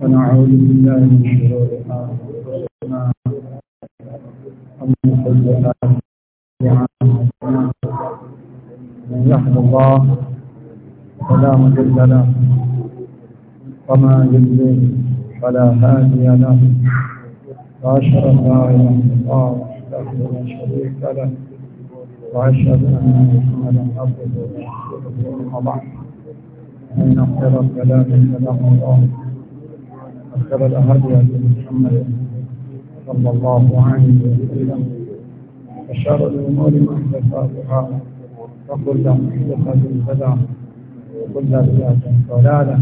ونعوذ بالله من شرور انفسنا ومن سيئات اعمالنا من يهد الله فلا مضل له وما يضلل فلا هادي له واشهد ان لا اله الا الله وحده لا شريك له واشهد ان محمدا عبده ورسوله اما بعد ان خير الكلام كلام الله وخير الهدي هدي محمد صلى الله عليه وسلم وشر الأمور محدثاتها وكل محدثة بدعة وكل بدعة ضلالة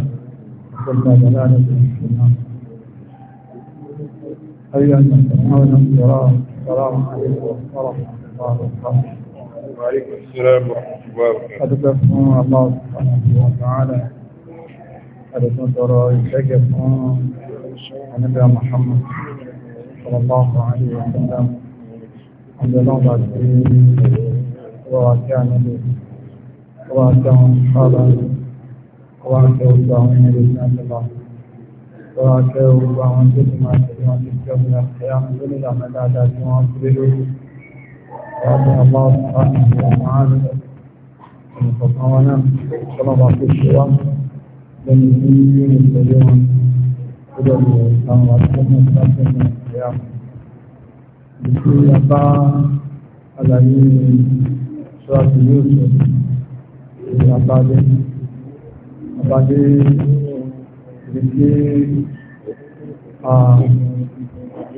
وكل ضلالة في النار أيها المستمعون الكرام السلام عليكم ورحمة الله وبركاته وعليكم السلام ورحمة الله وبركاته adúpẹ́ fún Allah subhanahu wa ta'ala adúpẹ́ tọrọ ìfẹ́gẹ̀ fún anábíà Muhammad sallallahu alayhi wa sallam ọjọ́ náà bá ti wọ́n wá sí ànábì wọ́n wá sí àwọn sábà wọ́n wá sí ojú àwọn ẹni tí wọ́n ti lọ wọ́n wá sí ojú àwọn tó ti máa tẹ̀lé wọn ti tẹ̀lé wọn ti tẹ̀lé wọn lórí ìlànà dáadáa tí wọ́n ti lé lórí. رضي الله عنه وتعالى وتعالى طلب في الشواء لم يكن يستجيبا إلى الإسلام والسنة الأصل من القيامة بكل يقع على سورة يوسف العبادة العبادة بكل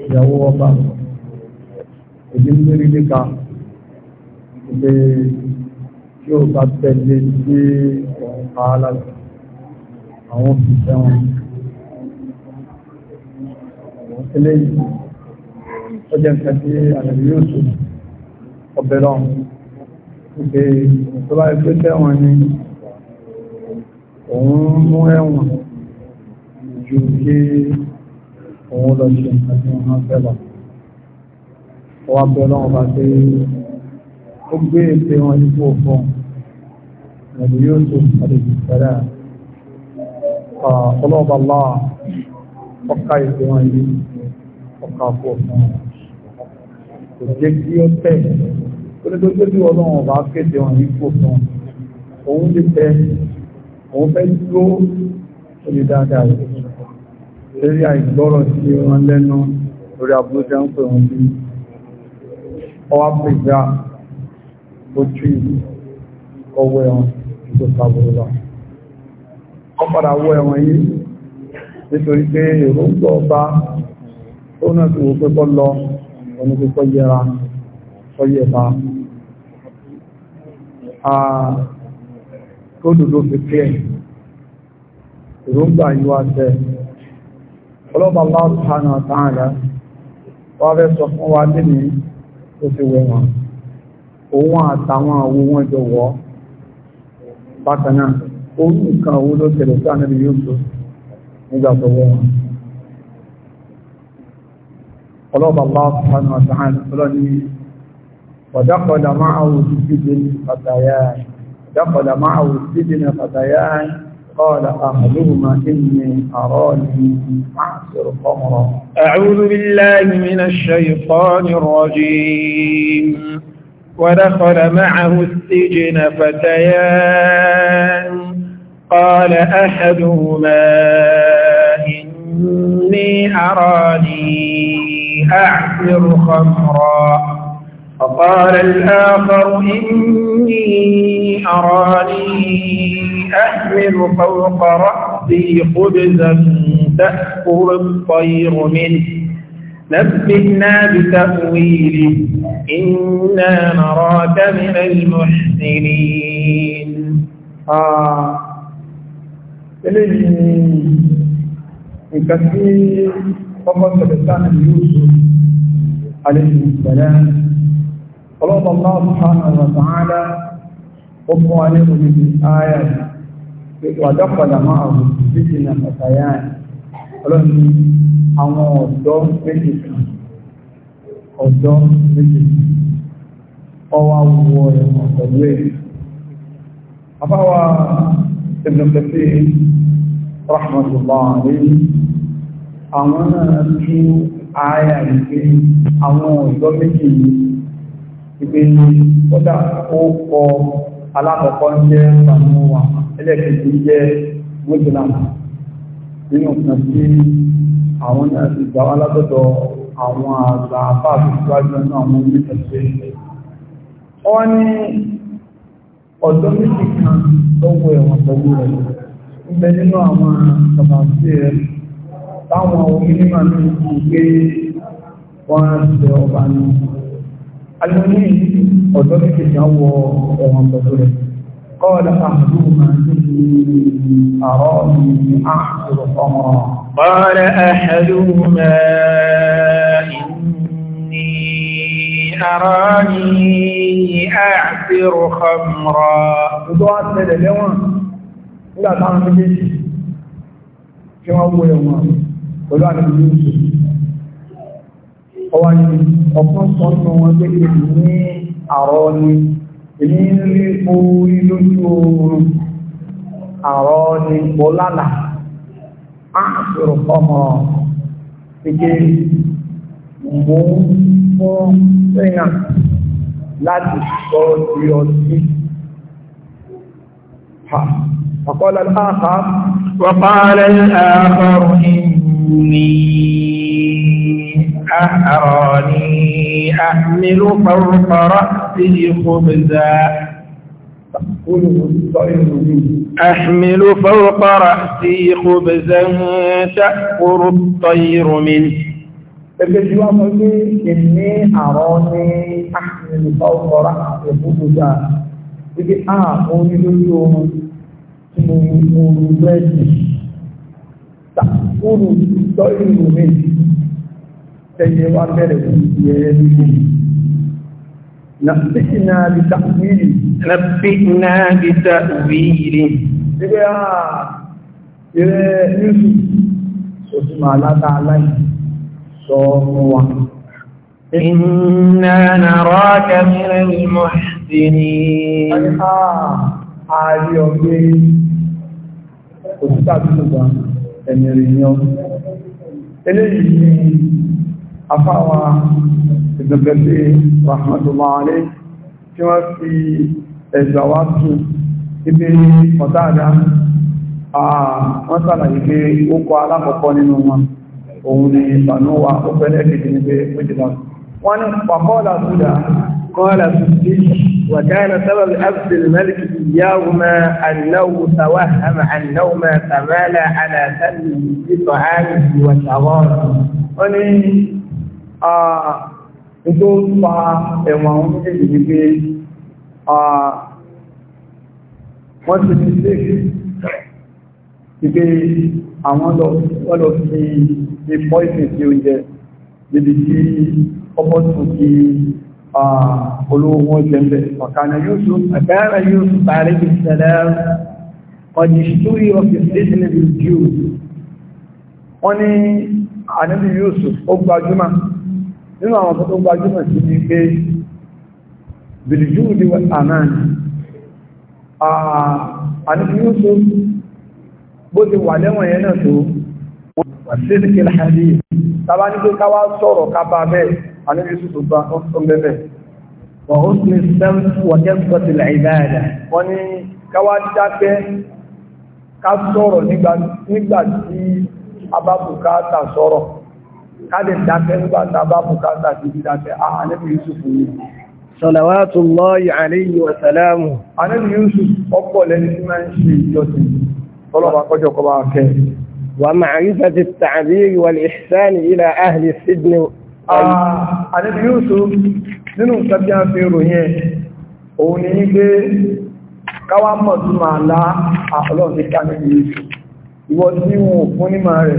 ìyàwó ọba ìdí ń lórí níka pé kí o bá tẹ̀lé sí ọ̀hún pàálà àwọn òṣìṣẹ́ wọn àwọn tẹ́lẹ̀ yìí ó jẹ́ nǹkan tí àlẹ́bí yóò tó ọbẹ̀ lọ́wọ́ pé tó bá ẹgbẹ́ tẹ́wọ̀n ni òun mú ẹ̀wọ̀n ju kí òun lọ ṣe nǹkan tí wọ́n fẹ́ lọ wọ́n bẹ̀ lọ́wọ́ pé ó gbé ètè wọn nípò fún nàbí yóò tó àdèjìsára ọlọ́ọ̀bà láà ọkà ètè wọn yìí ọkà pọ̀ fún kò jẹ́ kí ó tẹ̀ kó ní tó tóbi ọlọ́run ọba kéde wọn nípò fún òun lè tẹ òun fẹ́ dúró lórí dáadáa rẹ̀ lórí àìgbọ́rọ̀ sí wọn lẹ́nu lórí abúlé jẹ́ ń pè wọn bí ọwá pè gbáà ojú ọwọ́ ẹ̀wọ̀n tó sàbòrò lọ. Ọ padà wọ ẹ̀wọ̀n yìí nítorí pé èròǹgbọ́ ọba tó náà ti wò pé kọ́ lọ òní pé kọ́ yẹra kọ́ yẹba. Tó dòdò fi pé ẹ̀ èròǹgbà yìí wá tẹ̀. Ọlọ́ba Allah subhanahu wa ta'ala wá fẹ́ sọ fún wa nínú tó fi wẹ̀ wọn. òun àtàwọn àwo wọn jọ wọ́ bákan náà ó nǹkan owó ló tẹ̀lé sí ànábì yóò tó nígbà tó wọn. ọlọ́ba bá àtàwọn máa máa ودخل معه السجن فتيان قال أحدهما إني أراني أعثر خمرا فقال الآخر إني أراني أحمل فوق رأسي خبزا تأكل الطير منه نبئنا بتأويله إنا نراك من المحسنين آه إليه كثير فقط لسان يوسف عليه السلام قلوب الله سبحانه وتعالى قبوا عليه الآية ودخل معه فتنة فتيان قلوب àwọn ọ̀dọ́ méjì kan ọ̀dọ́ méjì kan ọwọ́ àwọ̀ ẹ̀wọ̀n pẹ̀lú ẹ̀ àbáwá ìdọ̀kẹ́sí rahmatullah alayhi àwọn náà tú ààyà ìpé àwọn ọ̀dọ́ méjì ìpé kódà ó kọ alákọ̀ọ́kọ́ ń jẹ́ samuwa ẹlẹ́kẹ̀ẹ́jì jẹ́ mojìlá nínú kan sí àwọn náà ti gbà wá látọ̀dọ̀ àwọn àgbà àbá àtúntúwájú náà wọn ní ẹ̀sẹ̀ wọ́n ní ọ̀dọ́ méjì kan lọ́wọ́ ẹ̀wọ̀n pẹ̀lú rẹ̀ ń bẹ nínú àwọn tàbàtì rẹ̀ táwọn omi nígbà náà kò gbé wọ́n ṣe ọba ní alóní ọ̀dọ́ méjì kan wọ ẹ̀wọ̀n pẹ̀lú rẹ̀ kọ́ọ̀dà àdúgbò máa ń ní àárọ̀ ní àkùrọ̀ ọmọ قال أحدهما إني أراني أعبر خمرا وضعت لدى اليوم ولا تعمل بجيش كما هو يوم ولا نبي يوسف ọwá ní ọ̀pọ̀ sọ́nà أراني pé èdè ní àrọ́ ni èyí áàfẹ́rọ ọmọ pípé مو ń fún sẹ́yìn láti فقال الآخر وقال الآخر إني أراني أحمل فوق رأسي خبزا أحمل فوق رأسي خبزا تأكل الطير منه Ẹgbẹ́ tí wọ́n mọ́ pé ìní àrọ́ ní àmìlì ọ̀rọ̀ ìbúdúdá, wípé àà òun ní lórí oorun tí mo mú oru bẹ́ẹ̀dì, tàkùrù tọ́ ìrù mi, tẹ́yẹ wá bẹ̀rẹ̀ fún ìyẹ́ ẹni nàbíkìnà bí tàwílì nàbíkìnà bí tàwílì ẹgbẹ́ ààrẹ yíṣù sọ́túnmà aláta aláì sọ fún wa Inna naraka minal muhsinin. Ààrí ọgbẹ́ òtítà tó gbà ẹ̀mìrìyàn. Eléyìí ni àfáwà ìdúnkẹsí rahmatullah alayhi tí wọ́n fi ẹ̀gbà wá tún ibi ọ̀táàdá wọ́n sàlàyé pé ó kọ alákọ̀ọ́kọ́ nínú wọn òun ni ìbànúwà ó pẹ́lẹ́ kìí ní pé ó jìlá wọ́n ni قال سدي وكان سبب أبس الملك يوما أنه توهم أنه ما تمالى على سنه بطعامه وشرابه وني آه tó ń fa ẹ̀wọ̀n àwọn méjèèjì ní pé wọ́n ti fi léèkì ti pé àwọn lọ fi ní pọ́ìsì sí oúnjẹ níbi tí ọkọ̀ tún kí olówó wọn jẹ́ mẹ́ ọ̀kànà Yusuf ẹ̀bẹ̀rẹ̀ Yusuf tààrí fi sẹ̀lẹ̀ ọjì ṣúrí ọ̀fẹ́sì níbi jù wọ́n ní àníbi Yusuf ó gbajúmọ̀ nínú àwọn tó tó gbajúmọ̀ sí ní pé bìlìjúùdí amen àníkíyúsù bó ti wà lẹ́wọ̀n yẹn náà tó sílìkì láàrí tàbá ní pé káwá sọ̀rọ̀ kábà bẹ́ẹ̀ àníkíyúsù tó bá ọ́sọ́ bẹ́ẹ̀ wọ́n káàdì dákẹ́ nígbà tàbá bùkátà sí ti dákẹ́ ah, àánẹ́bì Yusuf ní salawatullahi alayhi wa salamu àánẹ́bì Yusuf ọ̀pọ̀ lẹ́ni tí máa ń ṣe ìjọsìn tọ́lọ̀bà kọjọ kọba kẹ wa ma'rifati at-ta'bir wal ihsan ila ahli as-sijn àánẹ́bì máa lá àlọ́ tí ah, wọn ò fún nímọ̀ rẹ̀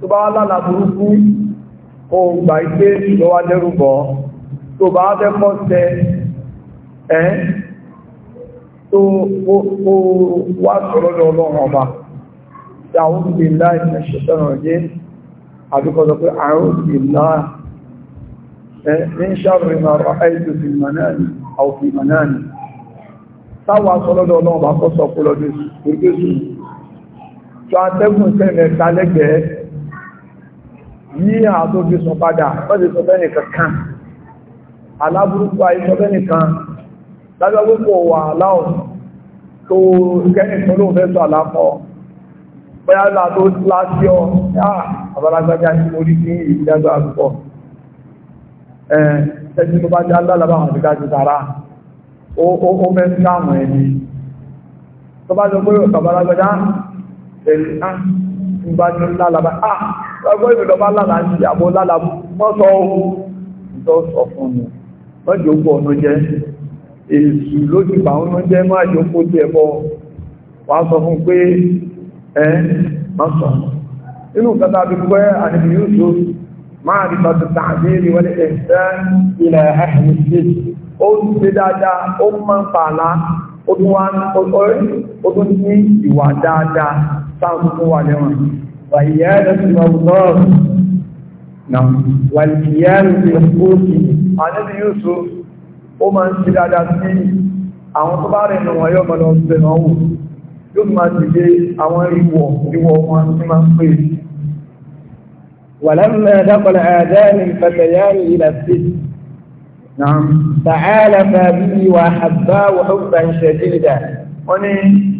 tó bá lálà burúkú o gbà ipé lọ́wà dẹ́rùbọ̀ tó bá dẹ́kọ́ tẹ ẹ́ tó kó wá sọ̀rọ̀ lọ ọlọ́run ọba tí àwọn òbí ńlá ìfẹ́ ṣẹ̀ṣẹ̀ràn jẹ́ àbíkọ́sọ pé àwọn òbí ńlá من شر ما رأيت في المنام أو في منامي táwà sọlọ́dọ̀ ọlọ́run bá kọ́ sọ kó lọ́dún ìgbésù tó atẹ́gùn sẹ́mẹ̀ yí àdójú sọ padà mọ́sí sọ fẹ́nìkan kan aláburúkú àìsọ fẹ́nìkan lágbàgbogbo wà láò tó kẹ́nìkan ló fẹ́ sọ àlápọ̀ bóyá látó láti ọ àbárágbájá ní orí sí ìdájọ́ àgbọ̀ o o ọgbọ́n ìbìlọ bá lálà ń ṣe àbò lálà mọ́sọ̀ ohun tó sọ fún mi mọ́jọ pọ̀ ọ̀nà jẹ́ èsù lójú bá ọ̀nà jẹ́ mọ́jọ kó jẹ bọ́ wà sọ fún pé ẹ mọ́sọ̀ inú kẹta bí pẹ́ àdìbí Yusuf máa rí bá wọlé ilẹ̀ ẹ̀hìn ó ń ṣe dáadáa ó máa ń pààlà ó tún ní ìwà dáadáa sáà tuntun wà lẹ́wọ̀n وعيادة المرضى نعم والقيام بالحقوق عن يوسف ومن سدادات àwọn tó bá rẹ̀ nù wọn yóò mọ̀ lọ sí ẹ̀nà ọ̀hún yóò máa ti dé àwọn ìwọ̀ ìwọ̀ wọn tí máa ń pè é ولما دخل آذان الفتيان إلى السجن نعم تعالفا به وأحباه حبا شديدا ó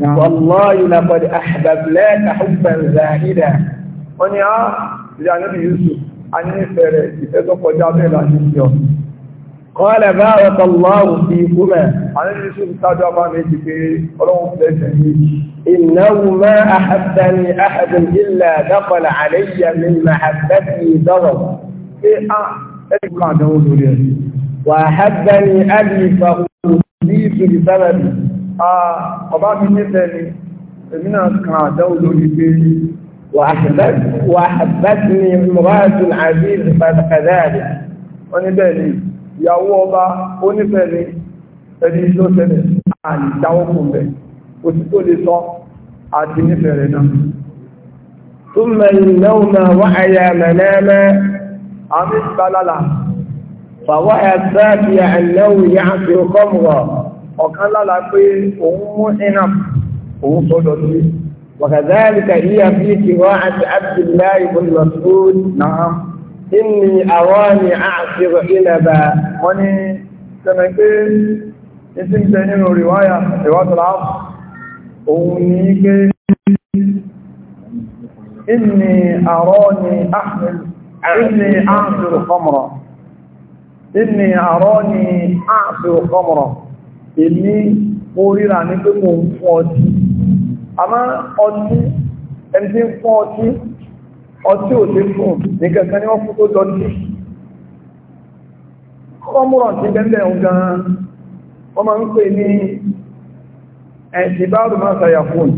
نعم. والله لقد احبب لك حبا زاهدا وني اه يوسف اني فرتي فتوكو جابي لا قال بارك الله فيكما انا يوسف تاجا ما نجي في انه ما احبني احد الا دخل علي من محبتي ضرب في إيه، اه ادكو إيه، دوري واحبني ابي فقلت لسببي ọba mi nífẹ̀ẹ́ ni èmi náà kan àdáwò lórí pé wàhábẹ́tìní mọ́ráàtún àbíz fàdàkàdáàdì wọ́n ní bẹ́ẹ̀ ni ìyàwó ọba ó nífẹ̀ẹ́ ni ẹni ló tẹ́lẹ̀ àìjáwó kùn bẹ̀ kò sí tó lè sọ àti nífẹ̀ẹ́ rẹ̀ náà ثم النوم وعيا مناما عمد بللا فوعى الثانية أنه يعصر خمرا ọ̀kan lára pé òun mú iná òun sọ́dọ̀ sí وكذلك هي في قراءة عبد الله بن مسعود نعم إني أراني أعصر عنبا wọ́n ní sẹ́mẹ̀ pé ìsí ń tẹ nínú ríwáyà ìwádọ́lá òun ní pé إني أراني أحمل إني أعصر خمرا إني أراني أعصر خمرا èmi mo ríra ní pé mo ń fún ọtí àmọ́ ọtí ẹni tí ń fún ọtí ọtí ò sí fún ní kẹ̀kẹ́ ní wọ́n fún tó jọ ní kọ́mùrọ̀ tí bẹ́ẹ̀ ń gan wọ́n máa ń pè ní ẹ̀sìn bá rùn máa sàyà fún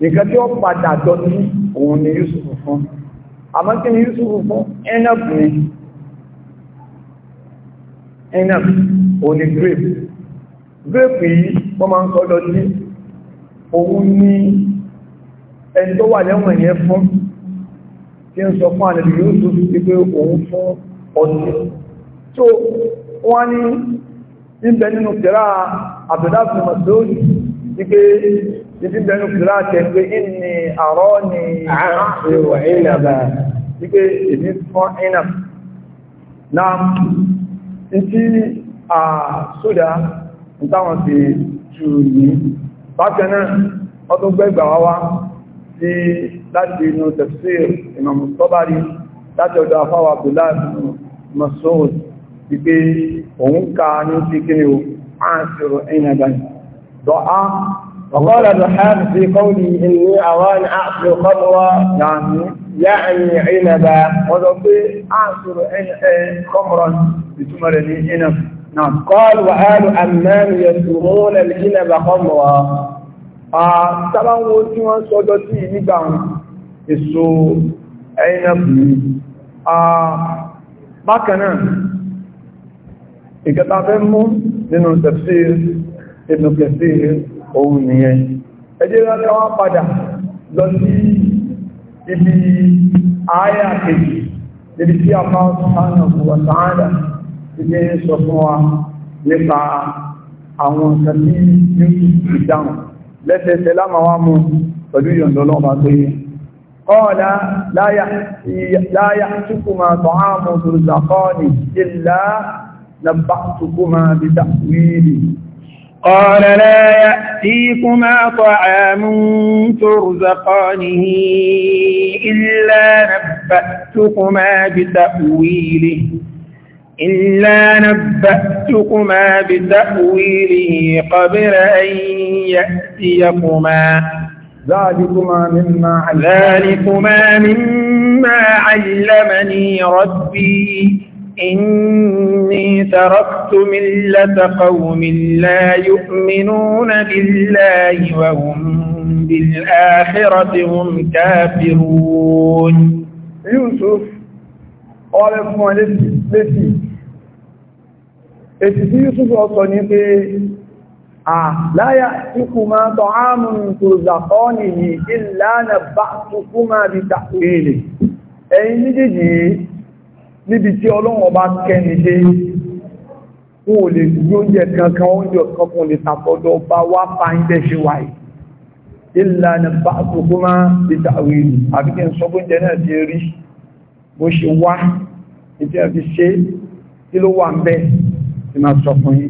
nìkan tí ó padà jọ ní òun ni Yusuf fún àmọ́ kí ni Yusuf fún ẹnàbùnrin ẹnàbùnrin òun grape grape yìí wọ́n máa ń òun ni ẹni tó wà lẹ́wọ̀n yẹn fún tí ń sọ fún àlejò yóò tó fi pé òun fún ọtí tó wọ́n ní ìbẹ̀ nínú nínú ìní àrọ́ ni ìlàbà sódà ìtàwọn ti jù ní bákanáà ọdún gbẹ́gbà wá wá sí láti inú tafsir ìmọ̀mù tọ́bárí láti ọ̀dọ̀ afáwà Abdullahi Mas'ud wípé òun ká ní sí kíni o áàsìrò ẹ̀yìnàgbàní dọ́á وقال الرحاب في قوله إني أوان أعطي قبوة يعني يعني عنبا وضع في أعصر خمرا بتمرني عنب نعم قال وآل أمان يسمون الجنب خمرا طبعا وانتي وان صدتي نبعا يسو أين أبني بكنا ìkẹtàfẹ́mú nínú tafsir Ibn Kathir òun nìyẹn ẹjẹ́ láti wá padà lọ sí ibi ààyà kejì níbi tí a máa sánà fún wàtàádà ilé ń sọ fún wa nípa àwọn nǹkan tí ní ìdáhùn lẹ́sẹsẹ lámàwá mú pẹ̀lú ìyọ̀ndọ́lọ́ bá pé kọ́ọ̀lá láyà túnkùnmá tọ́hámù tùrùsàkọ́ọ̀nì ìlà nàbàtùkùnmá bídà wíìlì قال لا يأتيكما طعام ترزقانه إلا نبأتكما بتأويله إلا نبأتكما بتأويله قبل أن يأتيكما ذلكما مما ذلكما مما علمني ربي إني تركت ملة قوم لا يؤمنون بالله وهم بالآخرة هم كافرون يوسف قال فمالتي èsì tí Yúsùfù ọ̀sọ̀ ní pé àláyà tíkù máa tọ́ ámùn tó zàkọ́ nìyí ìlànà bá tukú máa bí tàkùrìlì ẹ̀yin méjèèjì níbi tí ọlọ́wọ̀n bá kẹ́ni dé fún ò lè gbí oúnjẹ kankan oúnjẹ kankan lè tàkọ́dọ̀ bá wá fáyíndẹ̀ ṣe tí máa sọ fún yí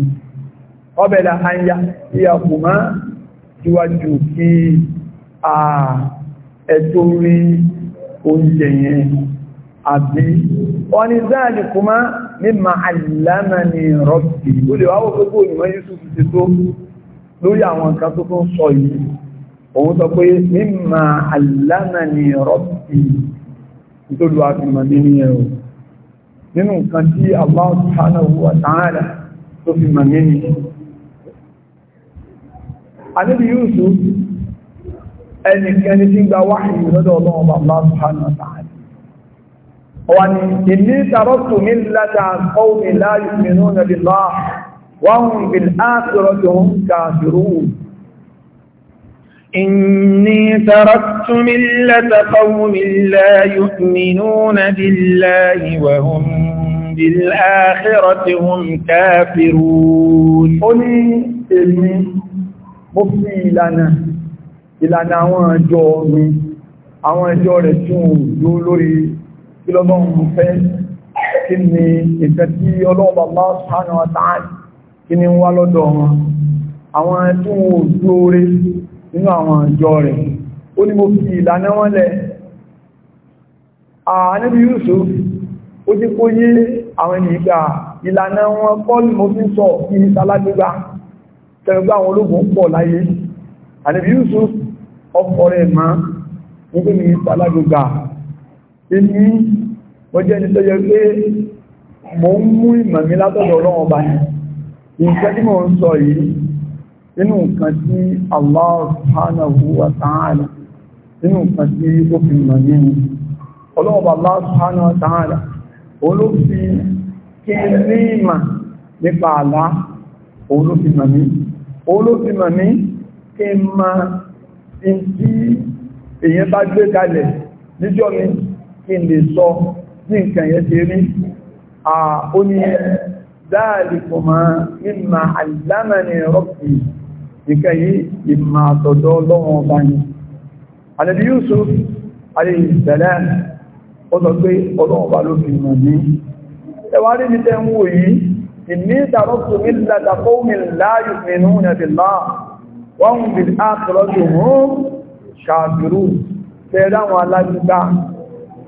ọbẹ̀lá anya tí a kò máa síwájú kí a ẹ̀tọ́ rí oúnjẹ yẹn àbí wọ́n ni záàlì kò máa mímọ̀ àìlànà ni rọ́bì ó lè wáwọ́ gbogbo ìmọ̀ Yúsúfù ti tó lórí àwọn nǹkan tó tó ń sọ yìí òun sọ pé mímọ̀ àìlànà ni rọ́bì nítorí wá fi nínú ẹ̀rọ nínú nǹkan tí Allah subhanahu wa ta'ala tó fi mọ̀ nínú Ànábì Yusuf ẹnikẹni tí gba wáyé lọ́dọ̀ ọlọ́run Allah subhanahu wa ta'ala wà ní ilé tàrọ́tù ní látà qawmi la yu'minuna إني تركت ملة قوم لا يؤمنون بالله وهم بالآخرة هم كافرون قل إلمي مفي لنا ìlànà àwọn ẹjọ́ mi àwọn ẹjọ́ rẹ̀ tí ó dó lórí kí lọ́lọ́run fẹ́ kí ni ìfẹ́ tí ọlọ́ọ̀bà bá sánà àtàrí kí ni wá lọ́dọ̀ wọn àwọn ẹjọ́ dó lórí nínú àwọn àjọ rẹ̀ ó ní mo fi ìlànà wọn lẹ̀ ànábì Yusuf ó ti kó yé àwọn ènìyàn gbà ìlànà wọn kọ́ ni mo fi sọ ìní sálágbégbá tẹ̀lẹ́gbà àwọn ológun pọ̀ láyé ànábì Yusuf ọkọ̀ rẹ̀ má nígbé ní sálágbégbá èmi wọ́n jẹ́ nítorí pé mo ń mú ìmọ̀ mi látọ̀dọ̀ ọlọ́wọ́n bá ní nǹkan nínú nǹkan tí Allah subhanahu wa ta'ala nínú nǹkan tí ó fi mọ̀ nínú ọlọ́ọ̀bà Allah subhanahu wa ta'ala olófin kí ní ìmà nípa àlá olófin mọ̀ mí olófin mọ̀ mí kí ma in tí èyàn bá gbé kalẹ̀ níjọ́ mi kí lè sọ ní nǹkan yẹn ti rí ó ní dáàlì kò máa mímọ̀ àlámà ni nǹkan yìí ìmà àtọ̀dọ̀ lọ́wọ́ ọba ni. Ànábì Yusuf alayhi salam ó sọ pé ọlọ́wọ́ ọba ló fi mọ̀ ní. Ẹwà rí ní tẹ́ ń wò yìí, ìní ìtàrọ́tù millata qawmin la yu'minuna billah wa hum bil akhirati hum kafirun. Tẹ́rẹ́ àwọn alágbígbá,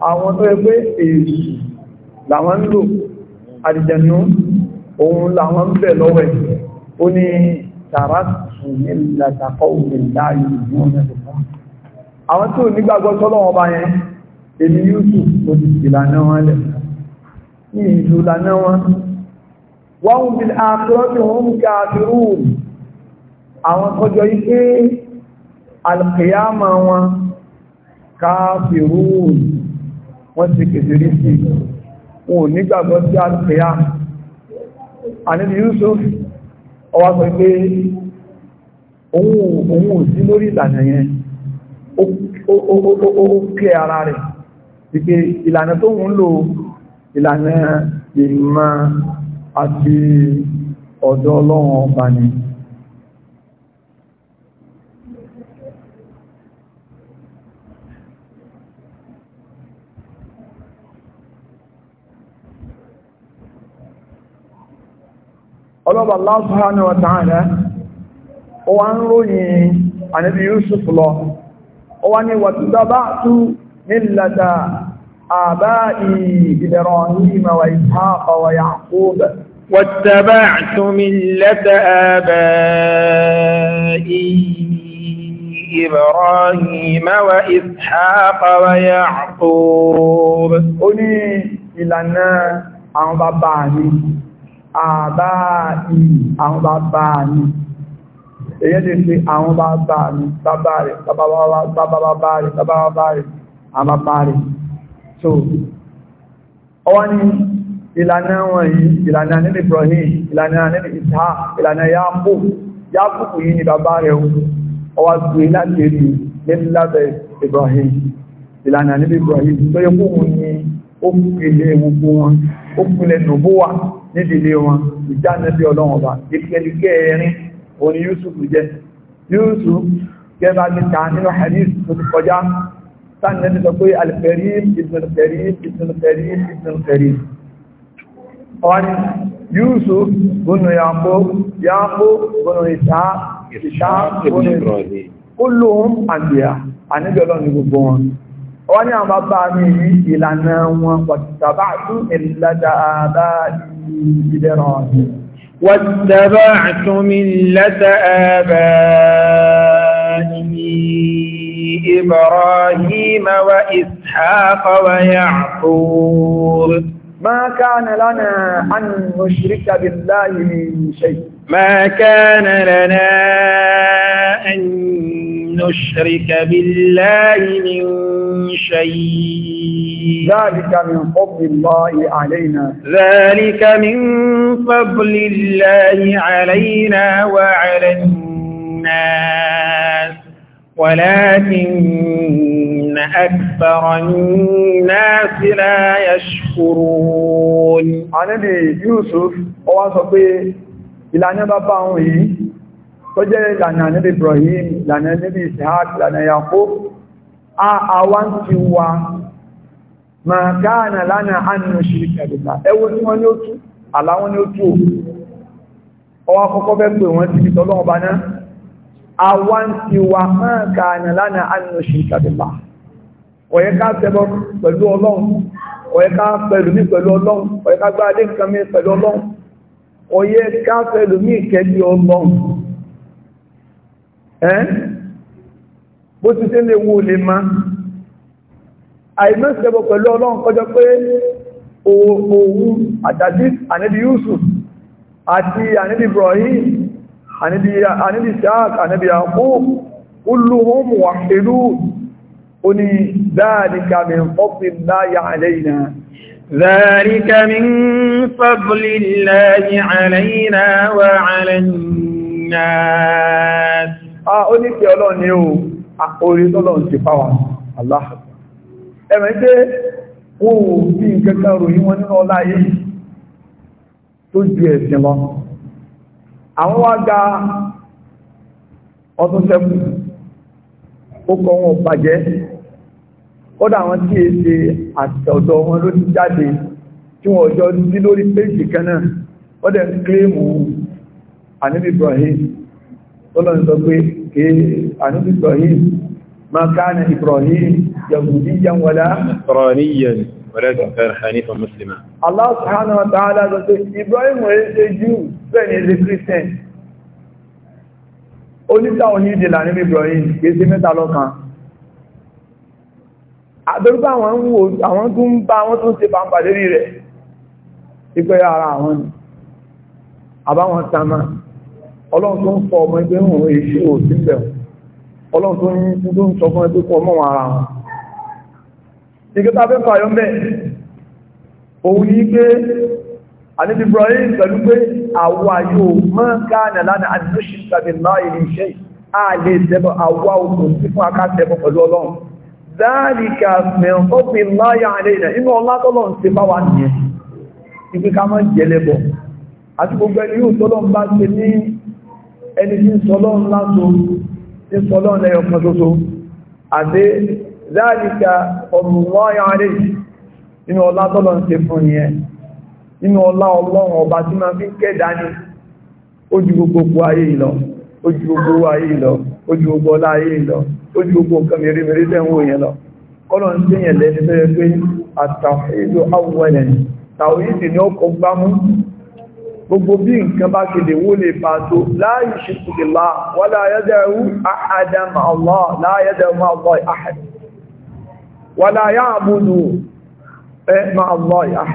àwọn tó ẹgbẹ́ èèyàn làwọn ń lò, àdìjẹ̀nú, òun làwọn mílàtà kọ́wùmí láàyè ìdúró mẹ́tò fún. àwọn tó nígbàgbọ́ sọ́lọ́wọ́ bá yẹn èmi yóò tó ti ìlànà wọn lẹ̀ ní ìlú lànà wọn. wọ́n ń bi àkúrọ́tì wọn ń ka àbírú àwọn kọjọ yìí pé alkiyama wọn káfìrú wọ́n ti kèfèrí sí wọn ò nígbàgbọ́ sí alkiyama. àníbi Yusuf ọwọ́ sọ òun ò sí lórí ìlànà yẹn ó kí ara rẹ̀ wípé ìlànà tó ń lò ìlànà ìmọ̀ àti ọ̀dọ̀ ọlọ́run ọba ni ọlọ́bàá Allah ó wá ń ròyìn ànábì Yusuf lọ ó wá ní wàtútàbá tú nílàdà àbáì Ibrahim wa Ishaq wa Yaqub واتبعت ملة آبائي إبراهيم وإسحاق ويعقوب أني إلنا èyẹ́ lè fi àwọn bàbá mi bàbá rẹ̀ bàbá bàbá rẹ̀ bàbá bàbá rẹ̀ àwọn bàbá rẹ̀ so ọwọ́ ni ìlànà wọn yìí ìlànà nílì Ibrahim ìlànà nílì Isha ìlànà yàmbò yàbùkù yìí ni bàbá rẹ̀ ọwọ́ gbé láti rí nílábẹ̀ Ibrahim ìlànà nílì Ibrahim tó yẹ kó wọn ni ó kìlẹ̀ gbogbo wọn ó kìlẹ̀ nùbúwà nídìílé wọn ìjánabí ọlọ́wọ̀n bá ìkẹlẹ̀kẹ́ ẹ̀rin òní Yusuf jẹ́ Yusuf gẹ́bà níta nínú hadith tó ti kọjá sáàni ẹni sọ pé alkarim ibn alkarim ibn alkarim ibn alkarim ọwọ́n Yusuf gbónú yàmbó yàmbó gbónú ìta ìta gbónú olóhun àgbìyà àníjọ́lọ́ ní gbogbo wọn wọ́n ní àwọn bàbá ìlànà wọn pàtàkì tàbátú ìlàdà ìdẹ̀rọ̀ ọ̀dún واتبعت ملة آبائي إبراهيم وإسحاق ويعقوب ما كان لنا أن نشرك بالله من شيء ما كان لنا أن نشرك بالله من شيء ذلك من فضل الله علينا ذلك من فضل الله علينا وعلى الناس ولكن أكثر الناس لا يشكرون على يوسف هو ìlànà bàbá wọn yìí tó jẹ́ ìlànà níbi Ibrahim ìlànà níbi Ishaq ìlànà Yaqub àwọn ti wà ma káàna lánàá ànà ṣìríkà billah ẹwọ tí wọ́n ní ó tú àláwọn ní ó tú ọwọ́ akọ́kọ́ fẹ́ pè wọ́n ti tọ́lọ́wọ́ bá náà àwọn ti wà ma káàna lánàá ànà ṣìríkà billah ọ̀yẹ́ ká tẹ́bọ pẹ̀lú ọlọ́run ọ̀yẹ́ ká pẹ̀lú ní pẹ̀lú ọlọ́run ọ̀yẹ́ ká gbá adé nǹkan mi pẹ̀lú ọlọ́run ọ̀yẹ káfẹ́ lómí ìkẹ́bí ọlọ́run ẹ́ bó ti tẹ́ lè wo lè má àìmẹ́sẹ̀bọ̀ pẹ̀lú ọlọ́run kọjọ pé òun àdàdí ànẹ́bí Yusuf àti ànẹ́bí Ibrahim ànẹ́bí Isaac ànẹ́bí Yaqub kulluhum wahidun ó ní dáadìkà min fadlillahi alayna ذلك من فضل الله علينا وعلى الناس ah ó ní kí ọlọ́run ní o ah, orí tọ́lọ́run ti Allah ẹ̀mẹ́ tẹ́ wọ́n ò bí kẹta ròyìn wọn nínú ọlá ayé tó ju ẹ̀sìn lọ àwọn wá ga kódà àwọn tí è e ṣe àtọ̀dọ̀ wọn ló ti jáde tí wọ́n ọjọ́ sí lórí péjì kanáà wọ́n dẹ̀ kílèmù àníbì Ibrahim tọ́lọ̀ ń sọ pé kí àníbì Ibrahim ma káàna Ibrahim yahudiyan wala raniyan wala kẹfẹ́ hanifa muslima Allah subhanahu wa ta'ala sọ Ibrahim wọ́n ṣe jù bẹ́ẹ̀ ni ṣe Christian oníta òní ìdìlà àníbì Ibrahim kì í sí mẹ́ta lọ́kàn àdórúkọ àwọn ń wò àwọn tó ń bá wọn tó ń ṣe pàǹpà lérí rẹ̀ ìpẹ́ ara àwọn ni àbáwọn tàmà ọlọ́run tó ń fọ ọmọ ẹgbẹ́ òun èṣù òsì bẹ̀ ọlọ́run tó ń tó ń sọ fún ẹgbẹ́ pọ̀ mọ́ ara wọn ìgbẹ́ta fẹ́ fàyọ́ dáàríkà mẹ́ọ̀tọ́pì láyà àrẹ́rẹ̀ inú ọlá tọ́lọ̀ ń ṣe bá wà ní ibi ká mọ́ jẹ́lẹ́bọ̀ àti gbogbo ẹni yóò tọ́lọ̀ bá ṣe ní ẹni tí sọ́lọ́ ńláso tí sọ́lọ́ tótó àti dáàríkà ọ̀rùn láyà inú ọlá tọ́lọ̀ fún ọba ayé ojú gbogbo láyé lọ ojú gbogbo nǹkan mẹ́rẹ́mẹ́rẹ́ tẹ́wọ́ yẹn lọ kọ́lọ̀ ń tẹ́yẹ̀ lẹ́ni bẹ́rẹ̀ pé àtàwídò awọ́lẹ̀ tàwídì ni ọkọ̀ gbámú gbogbo bí nǹkan bá kèdè wó lè bá tó láyé ṣìkìlá wà láyẹ́dẹ̀rú àádẹ́mà Allah láyẹ́dẹ̀rú Allah ahad wà láyé àbúdó ẹ máa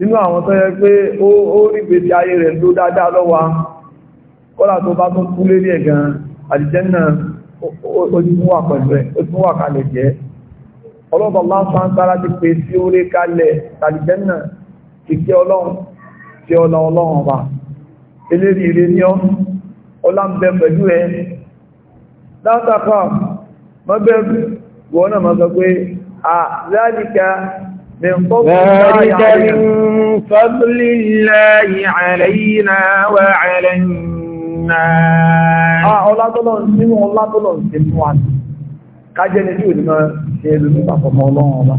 nínú àwọn tó yẹ pé ó rí pé ti ayé rẹ̀ ló dáadáa lọ́wọ́ kọ́lá tó bá tó kú lérí ẹ̀ gan àdìjẹ́nà ó ti wà pẹ̀lú ẹ̀ ó ti wà kalẹ̀ jẹ́ ọlọ́bọ̀ lásán sára ti pè sí orí kalẹ̀ àdìjẹ́nà ìkẹ́ ọlọ́run tí ọlá ọlọ́run ọba eléri ire ní ọ́ ọlá ń bẹ pẹ̀lú ẹ látàkọ́ mọ́bẹ̀rù wọ́n à láàríkà ذلك من فضل الله علينا وعلى الناس ọlátọ́lọ́ sí wọn ọlátọ́lọ́ sí wọn kájẹ́ ní yóò nímọ̀ ṣe lórí pàpọ̀mọ́ ọlọ́run ọba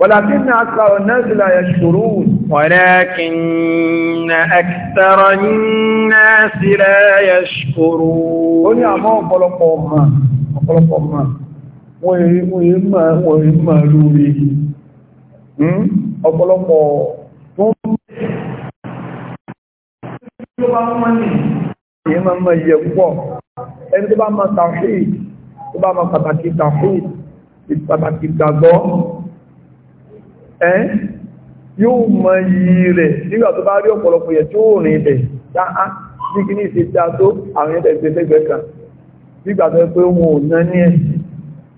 ولكن أكثر الناس لا يشكرون ولكن أكثر الناس لا يشكرون ó ní àmọ́ ọ̀pọ̀lọpọ̀ ọmọ ọ̀pọ̀lọpọ̀ ọmọ wọ́n yìí máa lórí Hmm? ọ̀pọ̀lọpọ̀ tó ń yìí máa mọ iye púpọ̀ ẹni tó bá mọ tàfíì tó bá mọ pàtàkì tàfíì pàtàkì gbàgbọ́ ẹ yóò mọ iye rẹ̀ nígbà tó bá rí ọ̀pọ̀lọpọ̀ yẹ tí ó rìn ibẹ̀ dáa bí kí ní ìṣe tí a tó àwọn ẹ̀dẹ̀ ìgbẹ́fẹ́gbẹ́ kan nígbà tó pé wọn ò ná ní ẹ̀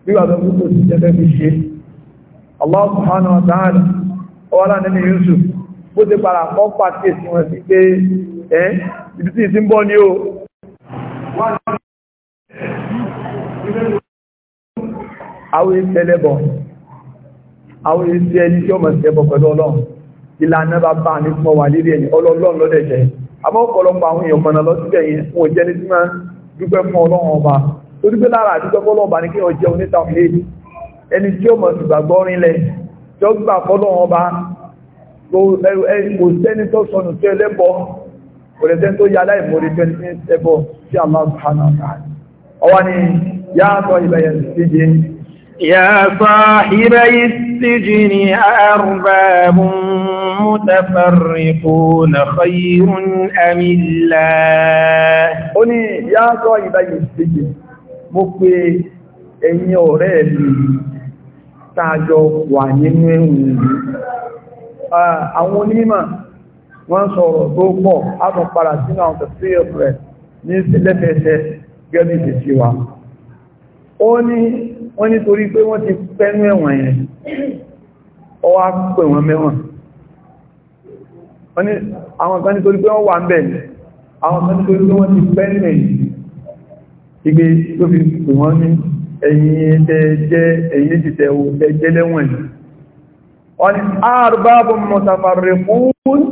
nígbà tó pé kò sí jẹ́fẹ́ fi ṣe é Allah subhanahu wa ta'ala ọwọ́lá nínú Yusuf bó ti para kọ́ pàtíyèsí wọn sí pé ẹ́ ibi tí ìsìn bọ́ ní o àwọn ìṣẹ́lẹ̀bọ̀ àwọn ìṣẹ́ ẹni tí ó mọ̀ ṣẹbọ̀ pẹ̀lú ọlọ́run ìlànà bàbá ní fún ọwà lérí ẹni ọlọ́run lọ́dẹ̀ jẹ́ àmọ́ ọ̀pọ̀lọpọ̀ àwọn èèyàn mọ̀nà lọ́sílẹ̀ yẹn fún òjẹ́ ní tí máa dúpẹ́ fún ọlọ́run ọba tó lára àdúgbẹ́ fọ́lọ́ọ̀bà ní kí ọjẹ́ onítàwọn ẹni tí ó mọ̀ sí gbàgbọ́ rinlẹ̀ tí ó gbà fọ́lọ́ wọn bá kò sẹ́ni tó sọnù tí ẹlẹ́bọ kò lè sẹ́ni tó yá aláìmọ̀rẹ́ tó sí Allah subhanahu wa ni yá ìbẹ̀yẹ̀ sí يا صاحبي السجن أأرباب متفرقون خير أم الله Oni ya sọ ìbáyìí síjì, mo pe tààjọ wà nínú ẹ̀wùn ìlú àwọn onímọ̀ wọ́n sọ̀rọ̀ tó pọ̀ átọ̀pàdà sínú àwọn tẹ̀síyẹ̀ rẹ̀ ní sílẹ̀fẹ́ẹ̀ṣẹ́ gẹ́bí ti sí wa ó ní wọ́n nítorí pé wọ́n ti pẹ́nú ẹ̀wọ̀n yẹn ó wá pè wọ́n mẹ́wọ̀n àwọn kan ẹ̀yin tẹ́ẹ̀jẹ́ ẹ̀yin ti tẹ́wò tẹ́ẹ̀jẹ́ lẹ́wọ̀n ni wọ́n ni arbaabu mutafarriqun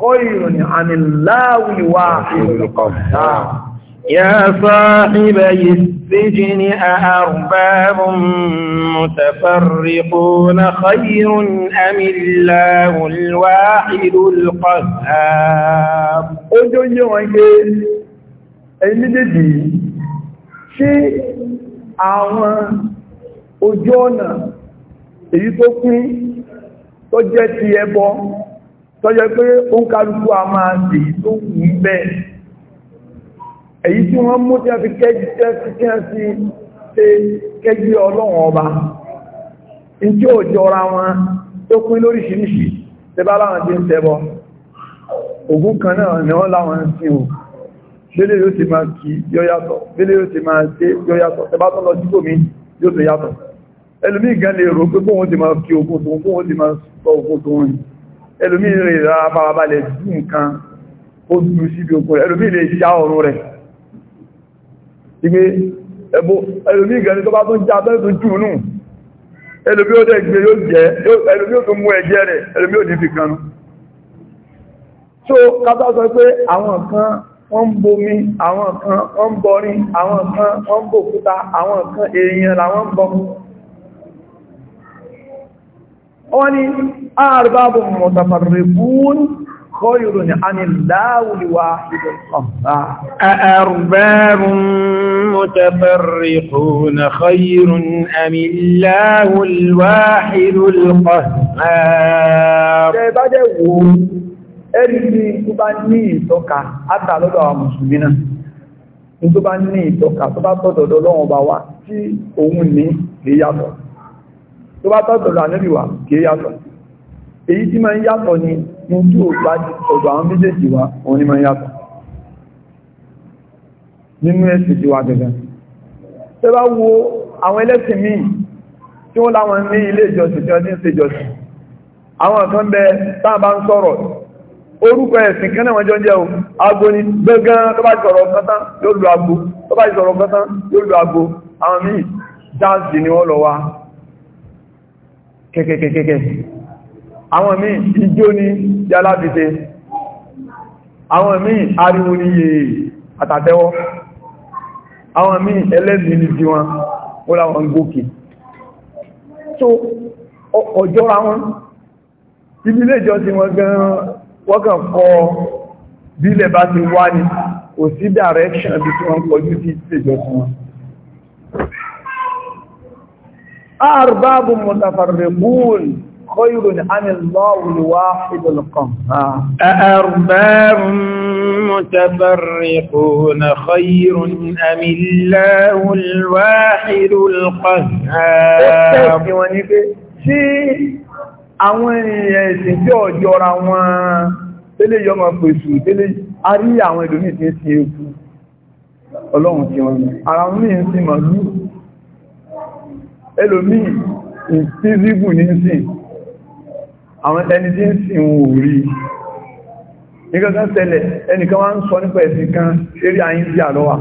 khayrun ní àmìláwì wà ìrìnkọ̀ta ya sahibayi sijni arbaabu mutafarriqun khayrun àmìláwì wà ìrìnkọ̀ta ojú yíwọ̀n ṣe ẹ̀yin méjèèjì ṣe àwọn ojú ọ̀nà èyí tó pín tó jẹ́ ti ẹbọ tó jẹ́ pé ó ń kálukú a máa dè tó wù ń bẹ́ èyí tí wọ́n mú tí a fi kẹ́jì tẹ́sí ṣe kẹ́jì ọlọ́run ọba in tí ó jọra wọn tó pín lóríṣìíríṣìí tẹ́bá láwọn tí ń tẹ́bọ ògún kan náà ni wọ́n láwọn ń sin bélé yóò ti máa kí yóò yàtọ̀ bélé yóò ti máa dé yóò yàtọ̀ tẹbá tó lọ jígbò mi yóò tó yàtọ̀ ẹlòmí gan lè rò pé kóhun ti máa kí ogun tó kóhun ti máa sọ ogun tó rìn ẹlòmí rè ra farabalẹ̀ sí nǹkan ó dúró síbi ogun rẹ̀ ẹlòmí lè já ọrùn rẹ̀ ìgbé ẹbó ẹlòmí gan tó bá tó já tẹ́lẹ̀ tó jù nù ẹlòmí ó dẹ̀ gbé yóò jẹ́ ẹlòmí ó tó mú ẹ̀jẹ̀ rẹ̀ ẹlòmí so kátà sọ pé àwọn kan wọ́n ń bomi àwọn kan wọ́n ń bọrin àwọn kan wọ́n ń bòkúta àwọn kan èèyàn làwọn ń bọ wọ́n ni ààrùbábù mọ̀tàfàrẹ̀bùn kọ́yùrù ní a ni láwùlíwà ìdọ̀kọ̀ta. ààrùbábù mọ̀tàfàrẹ̀bùn ẹ̀rí tí tó bá ní ìtọ́ka átà lọ́dọ̀ àwọn mùsùlùmí náà ní tó bá ní ìtọ́ka tó bá tọ́dọ̀dọ̀ lọ́wọ́n bá wá tí òun ní kìí tó bá tọ́dọ̀dọ̀ ànábì wa yàtọ̀ èyí tí máa ń yàtọ̀ ni ní tí bá àwọn méjèèjì wa òun máa ń yàtọ̀ tí wọ́n láwọn ní ilé ìjọsìn tí wọ́n orúkọ ẹ̀sìn kan náà wọ́n jọ ń jẹ́ o agbo ni gbẹ́gán tó bá sọ̀rọ̀ ọ̀gọ́tán yóò lu agbo tó bá sọ̀rọ̀ ọ̀gọ́tán yóò lu agbo àwọn míì dáàzì ni wọ́n lọ wá kẹ́kẹ́kẹ́kẹ́ àwọn míì ijó so ọjọ́ra wọn ibi ilé ìjọ wọ́n kàn kọ́ bílẹ̀ bá ti wá ní kò sí direction bí tí wọ́n kọjú sí ìjọ fún wọn arbaabu mutafarriqun khayrun amillahu alwahidul qahhar arbaabu متفرقون خير أم الله الواحد القهار àwọn èèyàn ẹ̀sìn tí ọjọ́ ra wọn tẹ́lẹ̀ yọ ma pèsù tẹ́lẹ̀ a rí àwọn ìdòmí tí ń sí ewu ọlọ́run tí wọ́n ara wọn ní sí màlú ẹlòmí ìsìnzígù ní sí àwọn ẹni tí ń sí wọn ò rí nígbàtán tẹ́lẹ̀ ẹnìkan wá ń sọ nípa ẹ̀sìn kan eré ayín sí àlọ́wà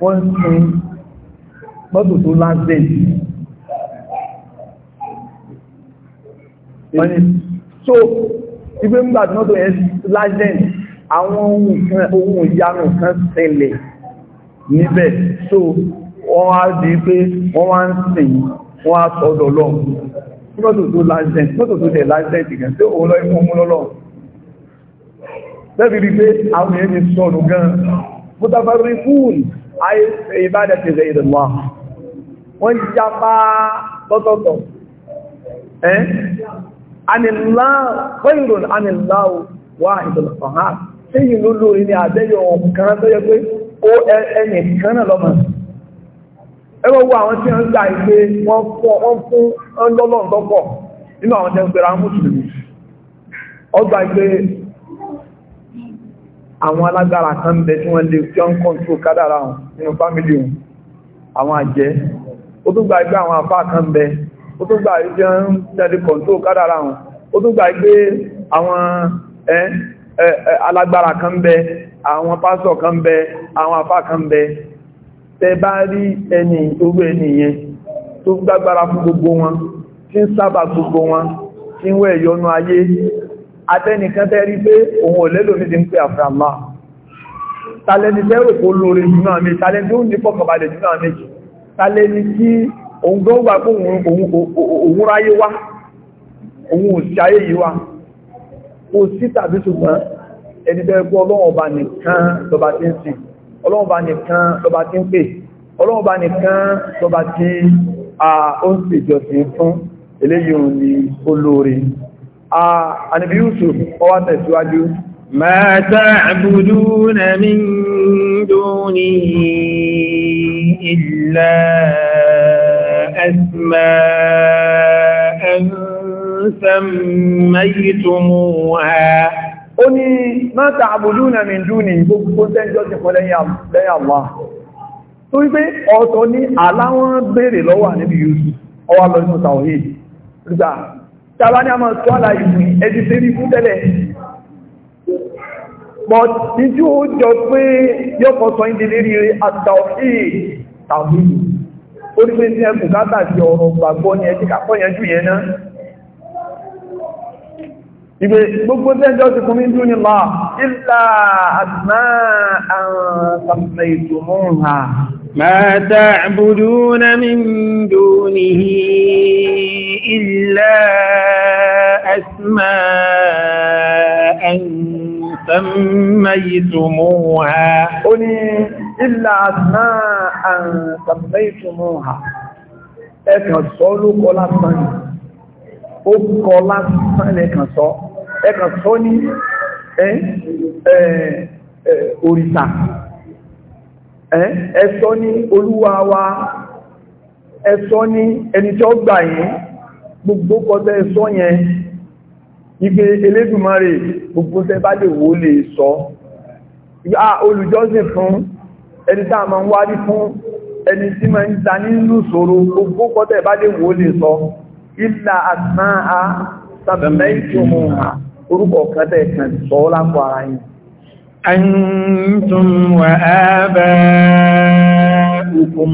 wọ́n sin mọ́tò tó lásìlẹ̀ wọ́n ni so ìgbé ńgbà tí wọ́n tó yẹn lájẹ́n àwọn ohun ìyanu kan ṣẹlẹ̀ níbẹ̀ so wọ́n wá di pé wọ́n wá ń sìn wọ́n á sọ́dọ̀ lọ́n mọ́tò tó lájẹ́n mọ́tò tó tẹ̀ lájẹ́n ti gẹ̀ẹ́ tí òun lọ ikú mú lọ́lọ́ lẹ́bí rí pé àwọn èèyàn ti sọnù gan mọ́tàfàrí fún ayé ìbádẹ̀ ti rẹ̀ ìrìnwá wọ́n jápá tọ́tọ̀tọ̀ anìláà kọ́ìrùn anìláà wà ìdọ̀lọ̀fọ̀há tí yìí ló lórí ní àdẹ́yọ̀ ọ̀kan tó yẹ pé ó ẹni kan náà lọ́mọ ẹwọ́ àwọn alágbára kan bẹ tí wọ́n lè tí wọ́n kádàrà nínú fámílì àwọn àjẹ́ ó tún gbà ìjẹ́ ń tẹ́lẹ̀ kọ̀ntó kádàrà wọn ó tún gbà pé àwọn alágbára kan bẹ àwọn pásọ̀ kan bẹ àwọn afá kan bẹ tẹ bá rí ẹni orú ẹni yẹn tó gbágbára fún gbogbo wọn tí ń sábà gbogbo wọn tí ń wẹ́ ìyọnu ayé atẹ́nìkan tẹ́ rí pé òun ò lẹ́lò ní ti ń pè àfàmà tàlẹ́ni tẹ́rò kó lórí jùmọ́ àmì tàlẹ́ni tó ń ní pọ̀kànbalẹ̀ jùmọ́ àmì òun gan gbà pé òun ráyé wá òun ò sí ayé yìí kò sí tàbí ṣùgbọ́n ẹni tẹ́ pé nìkan lọba tí ń sìn ọlọ́run nìkan lọba tí ń pè ọlọ́run nìkan lọba tí ó ń ṣèjọsìn fún eléyìí ni olóore إلا أسماء سميتموها ó ní ma ta'buduna min duni gbogbo tẹ́jọ́ ti fọ́ lẹ́yìn Allah tó wípé ọ̀tọ̀ ní aláwọ́n bèèrè lọ́wọ́ níbi Yusuf ọwá lọ inú tawhid rígbà tàbá ní a máa tọ́ àlà ìsìn ẹjì sí rí fún tẹ́lẹ̀ but ìjú ó jọ pé yọ́kọ̀ sọ ìdílérí àtàwí torí pé ní ẹkùn bá bàtí ọ̀rọ̀ gbàgbọ́ ní ẹjí kàkọ́ yẹn jù yẹn náà ìgbè gbogbo tẹ́jọ́ ti fún mi dún ní lọ ìlà àtìmá àǹsàmìlẹ̀ ètò mún ha ما تعبدون من دونه إلا أسماء سميتموها ìlà àtúná àǹtàbẹ́ ìtumọ̀ ha ẹkàn sọ ló kọ lásán ni ó kọ lásán ni ẹkàn sọ ẹkàn sọ ní òrìṣà ẹsọ ní olúwa wa ẹsọ ní ẹni tí ó gbà yín gbogbo kọjá ẹsọ yẹn ìgbé Elédùmarè gbogbo tẹ bá lè wó lè ẹni tá a máa ń wárí fún ẹni tí máa ń ta nínú ṣòro gbogbo kọ́tẹ̀ bá lè wò lè sọ ìlà àtìmá a sàbẹ̀mẹ́ ìtumọ̀ orúkọ kẹtẹ̀ kan sọ lápò ara yìí Antum wa aba'ukum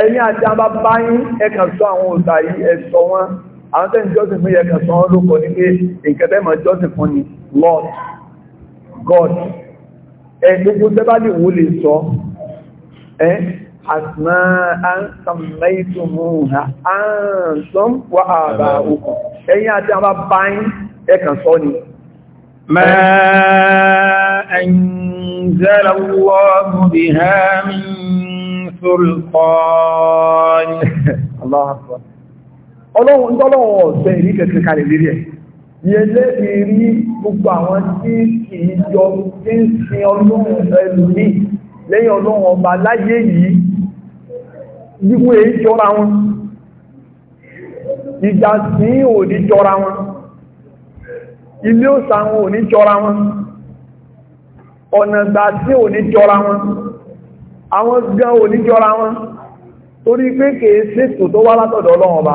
ẹ̀yin àti àbá báyín ẹkàn sọ àwọn òta yìí ẹ̀sọ wọn àwọn tẹ́ ìjọsìn fún ẹkàn sọ wọn lókọ ní pé ìkẹtẹ́ mọ̀ ìjọsìn fún ni Lord God ẹ gbogbo tẹ́bálì wo lè sọ ẹ àtìmá àǹsàmẹ́ìtùmùhà àǹsàn wà àbà òkú ẹ̀yìn àti àwọn báyìí ẹ̀kàn sọ ni ما أنزل الله بها من سلطان الله أكبر yẹlẹ́bi rí gbogbo àwọn tí kì í yọ tí ń sin ọlọ́run ẹlòmíì lẹ́yìn ọlọ́run ọba láyé yìí wíwú èyí jọra wọn ìjà sí ò ní jọra wọn ilé òsà wọn ò ní jọra wọn ọ̀nà ìgbà sí ò ní jọra wọn àwọn gan ò ní jọra wọn torí pé kèé sètò tó wá látọ̀dọ̀ ọlọ́run ọba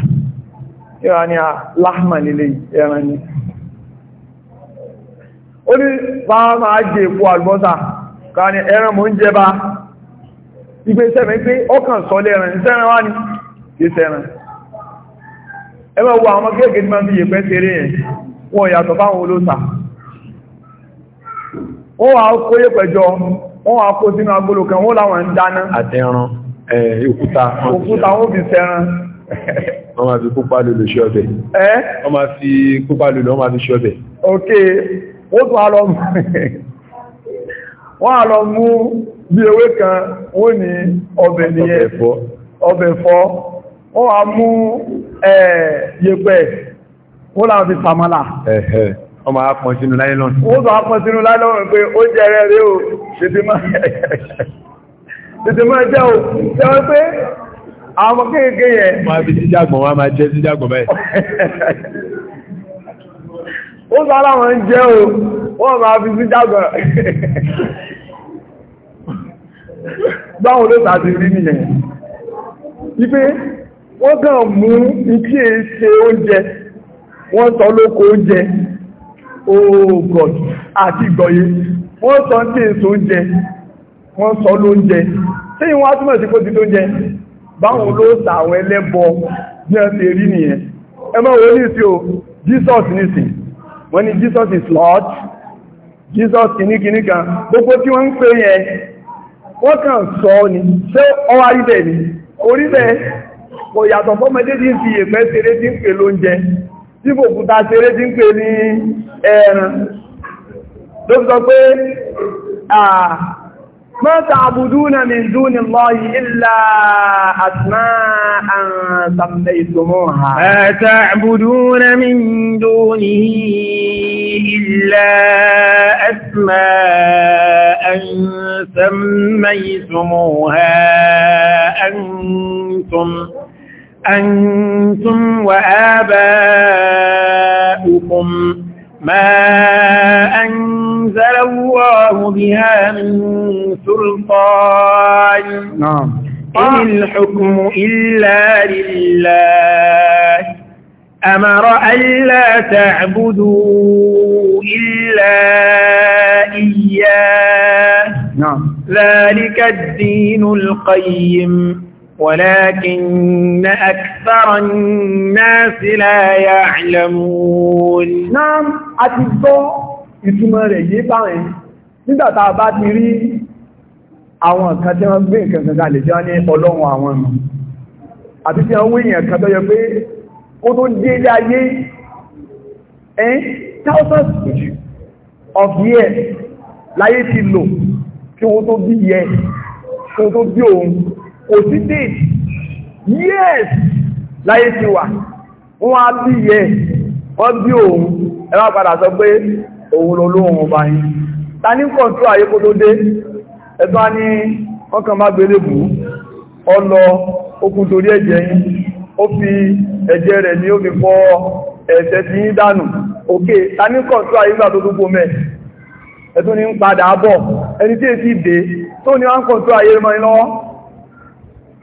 ìwà ah, ni a láhmà lílé ẹran jẹ èpo àlùbọ́sà ká ní ẹran mọ́ ń jẹ bá ìgbé sẹ́mẹ́ pé ọkàn sọ lẹ́ran sẹ́ran wá ní kí sẹ́ran ẹgbẹ́ wo àwọn kéèkéé máa fi yẹ̀pẹ́ ṣeré yẹn wọ́n yàtọ̀ fáwọn olóòsà wọ́n wà kó agolo kan wọ́n máa fi kópa lòlò ṣe ọbẹ̀ ẹ́ wọ́n máa fi kópa lòlò wọ́n máa fi ṣe ọbẹ̀ ok ó tún alọ mú wọ́n alọ mú bí ewé kan wọ́n ní ọbẹ̀ nìyẹn ọbẹ̀ fọ́ wọ́n wá mú yẹ̀pẹ̀ wọ́n láwọn fi sàmọ́là wọ́n máa pọ̀ sínú láìlọ́n wọ́n tó pọ̀ sínú láìlọ́n pé ó jẹ́ rẹ̀ rí o tètè máa jẹ́ o tẹ́wọ́ pé àwọn kéèké yẹ máa fi jíjàgbọ̀n wá máa jẹ́ jíjàgbọ̀n báyìí ó sára wọn jẹ́ o wọ́n máa fi jíjàgbọ̀n báwọn ló tàbí rí nìyẹn wípé wọ́n kàn mú ikí èṣe oúnjẹ wọ́n sọ lóko oúnjẹ oh god àti ìgbọ̀yé wọ́n sọ tí èso oúnjẹ wọ́n sọ lóúnjẹ tí wọ́n á túnmọ̀ sí kó ti tó oúnjẹ báwọn olóòsà àwọn ẹlẹ́bọ ní ẹsẹ̀ rí nìyẹn ẹ wọ́n ní sí o jesus nìsìn wọ́n ní jesus is lord jesus kìníkìní kan gbogbo tí wọ́n ń pè yẹn wọ́n kàn sọ ni ṣé ọwá rí bẹ́ẹ̀ ni orí bẹ́ẹ̀ kò yàtọ̀ fọ́mọdé tí ń fi èèpẹ́ ṣeré tí ń pè lóúnjẹ tí fòkúta ṣeré tí ń pè ní ẹran ló pé ما تعبدون من دون الله إلا أسماء سميتموها ما تعبدون من دونه إلا أسماء سميتموها أنتم أنتم وآباؤكم ما أنزل الله بها من سلطان نعم إن الحكم إلا لله أمر ألا تعبدوا إلا إياه نعم ذلك الدين القيم ولكن أكثر الناس لا يعلمون نعم أتبقى ìtumọ̀ rẹ̀ yé báyìí nígbà tá a bá ti rí àwọn kan tí wọ́n gbé nǹkan kan kalẹ̀ jẹ́ ní ọlọ́run àwọn ọmọ àti tí wọ́n wé èèyàn kan tó yẹ pé ó tó dé láyé ẹ́n thousands of years láyé ti lò kí wọ́n tó bí yẹ kí wọ́n tó bí òun sí déètì yes láyé ti wà wọ́n á bí yẹ wọ́n bí òun ẹwà padà sọ pé òun ọba yìí ta ní ayé kó tó dé ẹ̀tọ́ ní wọ́n ọlọ okùn torí ẹ̀jẹ̀ yìí ó fi ẹ̀jẹ̀ rẹ̀ ní ó fi ẹ̀ṣẹ̀ ti dànù òkè ta ní ayé gbà tó mẹ́ ẹ̀tọ́ ní ń padà bọ̀ ẹni dé tó ní wọ́n ayé mọ́ lọ́wọ́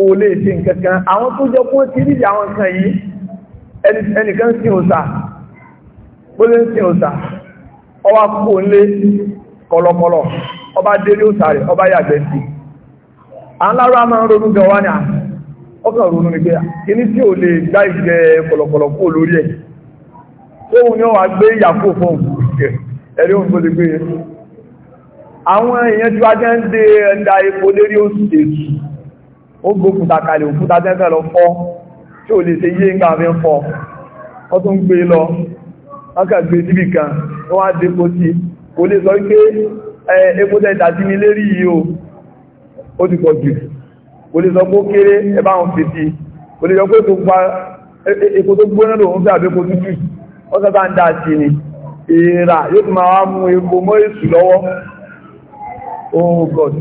kò lè ṣe nǹkankan àwọn tó jẹ́ fún ti níbi àwọn nǹkan yìí ẹnìkan sin òsà sin òsà ọwá kò lè kọlọkọlọ ọba délé òsà rẹ̀ ọba ya sí a máa ń ronú gan ní ọkàn ronú ní pé kíní tí ò gbá kọlọkọlọ kó lórí ẹ̀ ni wà gbé ìyàkó fún ẹ̀rí òun tó lè gbé e. àwọn èèyàn tí wá jẹ́ ń dé epo lérí òsì ó gbó fúta kalẹ̀ òfúta tẹ́fẹ́ lọ fọ́ tí ò lè ṣe yé ńgbà fi ń fọ́ ọ tún gbé lọ ọkà gbé síbì kan ní wọ́n á dépo sí kò lè sọ pé epo tẹ́ta sí mi lérí yìí o ó ti pọ̀ jù kò lè sọ pé ó kéré ẹ bá wọn fèsì kò lè sọ pé tó pa e, e, epo tó gbóná lòun fẹ́ àbẹ́kò tútù ó sábà ń dá sí ni èèrà yóò tún máa wá mú epo mọ́ èsù lọ́wọ́ oh god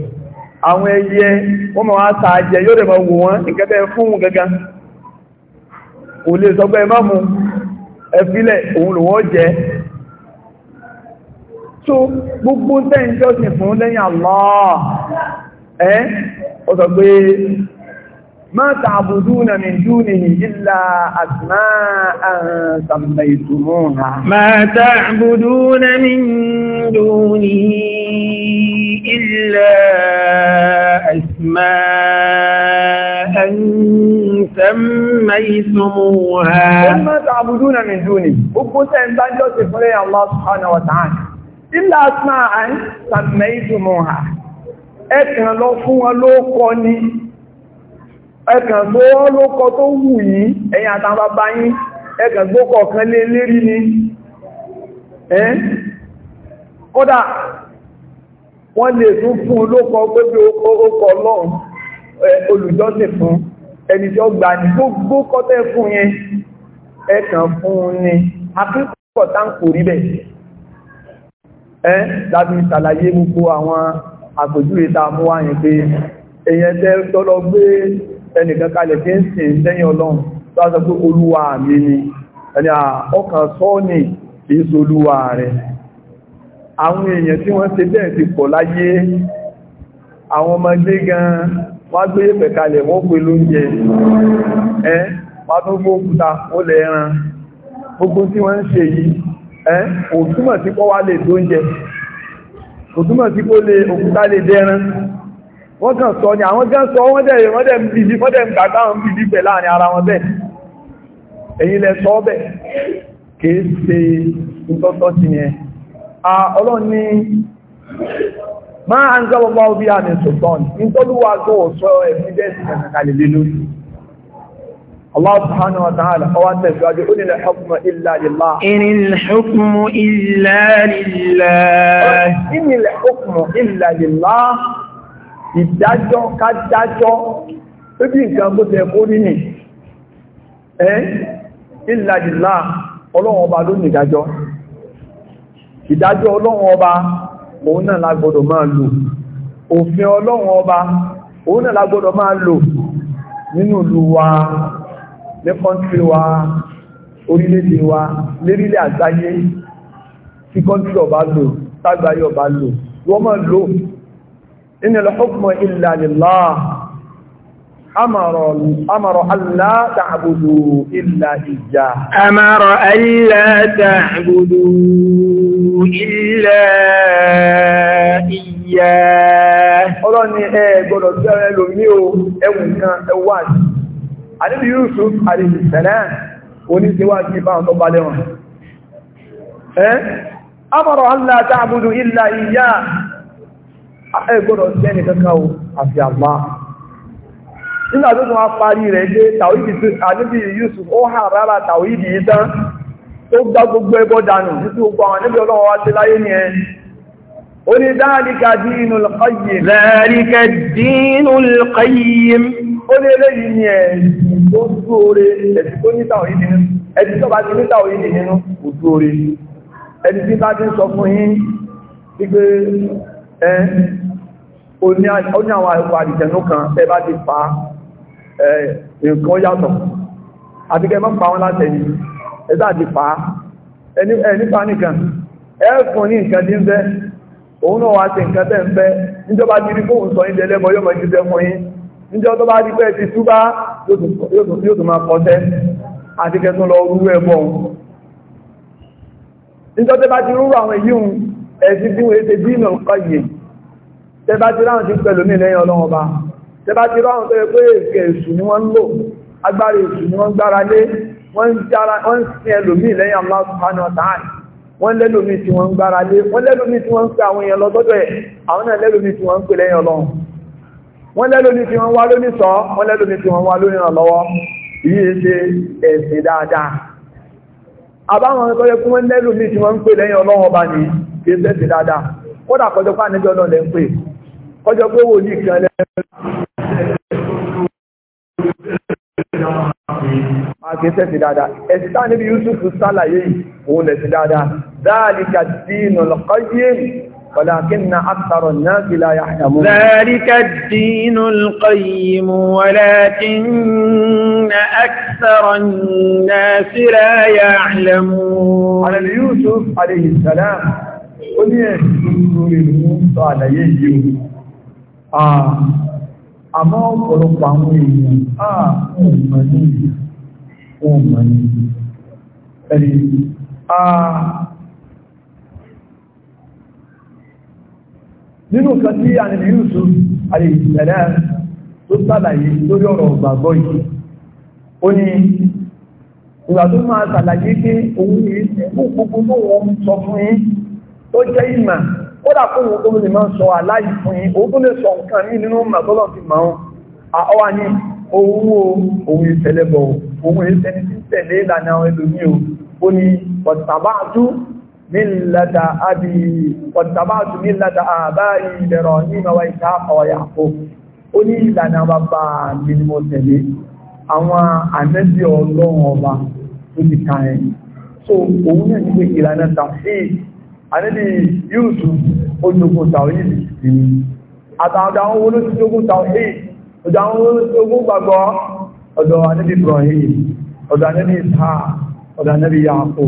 àwọn ẹyẹ wọ́n ma wá ta jẹ yóò rẹ̀ ma wò wọ́n ìkẹ́bẹ̀ fún gangan o lè sọ pé mọ́mù ẹfílẹ̀ òun lò wọ́n jẹ́ tó gbogbo tẹ́yìn jọ́sìn fún lẹ́yìn Allah ẹ́ ọ sọ pé ما تعبدون من دونه إلا أسماء سميتموها ما تعبدون من دونه إلا أسماء سميتموها ما تعبدون من دونه أبوس أن تنجوز فري الله سبحانه وتعالى إلا أسماء سميتموها أكنا لو فوا لو قوني ẹkàn tó lókọ tó wù yìí ẹ̀yìn àtàwọn bàbá yín ẹkàn tó kọ̀ọ̀kan lé lérí ni ẹ́n kódà wọ́n lè tún fún lókọ pé bí ókọ lọ́n olùjọ́sìn fún ẹni tí ó gbà ní gbogbo kọ́tẹ́ fún yẹn ẹkàn fún ni akẹ́kọ̀ọ́ táǹkù rí bẹ̀ ẹ́ láti ṣàlàyé gbogbo àwọn àpèjúwe tá a mú wáyé pé èyàn tẹ́ tọ́lọ gbé ẹnìkan kalẹ̀ tí ń sìn lẹ́yìn ọlọ́run tó sọ pé olúwa mi ni ẹni ọkàn sọ́ọ̀nì kìí sọ olúwa rẹ̀ àwọn èèyàn tí wọ́n ṣe bẹ́ẹ̀ ti pọ̀ láyé àwọn ọmọdé gan wọ́n gbé ẹ̀pẹ̀ kalẹ̀ wọ́n pè lóúnjẹ ẹ́ wọ́n tó gbó òkúta ó lẹ̀ ẹran gbogbo tí wọ́n ń ṣe yìí ẹ́ òtúmọ̀ sí pọ́ wá lè tó òtúmọ̀ sí pọ́ lè òkúta lè dẹ́ran wọ́n kàn sọ ni àwọn gán sọ wọ́n dẹ̀ wọ́n dẹ̀ ń bìlí wọ́n dẹ̀ ń gbàgbá wọn bìlí bẹ̀ láàrin ara wọn bẹ́ẹ̀ ẹ̀yin lẹ sọ bẹ̀ kìí ṣe ìtọ́tọ́ sí yẹn a ọlọ́run ní máa Allah subhanahu wa ta'ala ọwá tẹ̀síwájú ó nílẹ̀ hukmu illa lillah. Inil hukmu illa lillah. Inil ìdájọ́ kádájọ́ tó bí nǹkan bó tẹ kó nínú ẹ́ ìlàjìlá ọlọ́run ọba ló ní ìdájọ́ ìdájọ́ ọlọ́run ọba òun náà lágbọ́dọ̀ máa lò òfin ọlọ́run ọba òun náà lágbọ́dọ̀ máa lò nínú ìlú wa ní kọ́ntrí wa orílẹ̀-èdè wa lérílẹ̀ àgbáyé tí kọ́ntrí ọba lò tágbáyé ọba lò wọ́n máa lò إن الحكم إلا لله أمر أمر ألا تعبدوا إلا إياه أمر ألا تعبدوا إلا إياه Ọlọ́run ni ẹ gbọ́dọ̀ tí ọ̀rẹ́ lò ní o ẹwù nǹkan ẹwà sí. Àdébí Yusuf alayhi salam oníṣẹ́wà sí báwọn tó bá lẹ́wọ̀n. Ẹ́, أمر ألا تعبدوا إلا إياه ẹ gbọ́dọ̀ jẹ́ ní kankan o àfi àmà nígbà tó tún wá parí rẹ̀ dé tàwídì tó àníbì Yusuf ó hàn rárá tàwídì yìí tán tó gbá gbogbo ẹbọ dànù títí gbogbo àwọn níbi ọlọ́wọ́ wá sí láyé ni ẹ ó ní dáadíka dínú lọ́kọ́yìm dáadíka dínú lọ́kọ́yìm ó ní eléyìí ni ẹ̀sìn tó dúóre ẹ̀sìn tó ní tàwídì nínú ẹ̀sìn tó bá ti ní tàwídì nínú kò dúóre ẹ̀sìn tí bá ti ń sọ fún yín wípé ẹ́ ó ní àwọn àdìjẹ̀nú kan ẹ bá ti fa nǹkan yàtọ̀ àti kẹ mọ́ pa wọn láti ẹni ẹ̀sá ti fa nípa nìkan ẹ̀ẹ́kùn ní nǹkan tí ń fẹ́ òun náà wá sí nǹkan tẹ́ ń fẹ́ níjọba ti rí fóun sọ ilẹ̀ ẹlẹ́mọ yóò mọ̀ jíṣẹ́ fún yín níjọ tó bá rí pé ti túbá yóò tún máa kọsẹ̀ àti kẹtún lọ rú ẹ̀bọ̀n níjọ tó bá ti rúrú àwọn èyí ẹ̀sí bí wọ́n ṣe bí ìmọ̀ nǹkan yìí tẹ́bá ti ráhùn sí pẹ̀lú mi lẹ́yìn ọlọ́run ọba tẹ́bá ti ráhùn tó yẹ pé èkè èṣù ni wọ́n ń lò agbára èṣù ni wọ́n gbára lé wọ́n ń sin ẹlòmíì lẹ́yìn Allah subhanahu wa ta'ala wọ́n lẹ́lòmíì tí wọ́n ń gbára lé wọ́n lẹ́lòmíì tí wọ́n ń pe àwọn èèyàn lọ sọ́dọ̀ ẹ̀ àwọn náà lẹ́lòmíì tí wọ́n ń pe lẹ́yìn ọlọ́run wọ́n lẹ́lòmíì tí wọ́n wá lónìí sọ wọ́n lẹ́lòmíì tí wọ́n wá lónìí ọlọ́wọ́ yìí ṣe ẹ̀sìn dáadáa àbáwọn ọ̀rẹ́kọ́ yẹ kí wọ́n lẹ́lòmíì tí wọ́n ń pe kí ẹ tẹ́sí dáadáa kódà kọjọ pé àníjọ náà lẹ́ ń pè kọjọ pé wò ní ìkan lẹ́ máa kí tẹ́sí dáadáa ẹ̀sìn tá níbi Yusuf sálàyé òun lẹ̀sí dáadáa dáàlìkà dínà lọ́kọ́yé ولكن أكثر الناس لا يعلمون ذلك الدين القيم ولكن أكثر الناس لا يعلمون على Yusuf, عليه السلام ó ní ẹ̀sùn lórí mú sọ àlàyé yìí o àmọ́ ọ̀pọ̀lọpọ̀ àwọn èèyàn ààrùn mọ̀ ní ohun mọ̀ ní ẹ̀rí nínú kan tí a nìlú yùsù àlèjìlẹ̀ tó sàlàyé lórí ọ̀rọ̀ gbàgbọ́ yìí ó ní ìgbà tó máa sàlàyé pé òun ó jẹ́ ìmà ó dà fún òun tó lè máa sọ aláì fún yín òun tó lè sọ nǹkan ní nínú màtọ́lọ̀ fi máa ń àwa ní owó òun ìtẹ̀lẹ́bọ̀ òun ìtẹ̀lẹ́ tí tẹ̀lé ìlànà àwọn ẹlòmí o ó ní pọ̀tàbáàdú mílàdà àbí pọ̀tàbáàdú mílàdà àbá ìbẹ̀rọ̀ ní ìmọ̀wá ìta ọ̀yà àpò ó ní ìlànà bàbá mi ni mo tẹ̀lé àwọn ànẹ́bí ọlọ́run ọba tó ti ka ẹ̀ so òun ìlànà tàfíì àníbi yúùsù ojúkú tàwíìdì sí ni àtàwọn àwọn owó tí ogun tàwíìdì ọjọ́ àwọn owó tí ogun gbàgbọ́ ọ̀dọ̀ àníbi Ibrahim ọ̀dọ̀ àníbi Isa ọ̀dọ̀ àníbi Yaako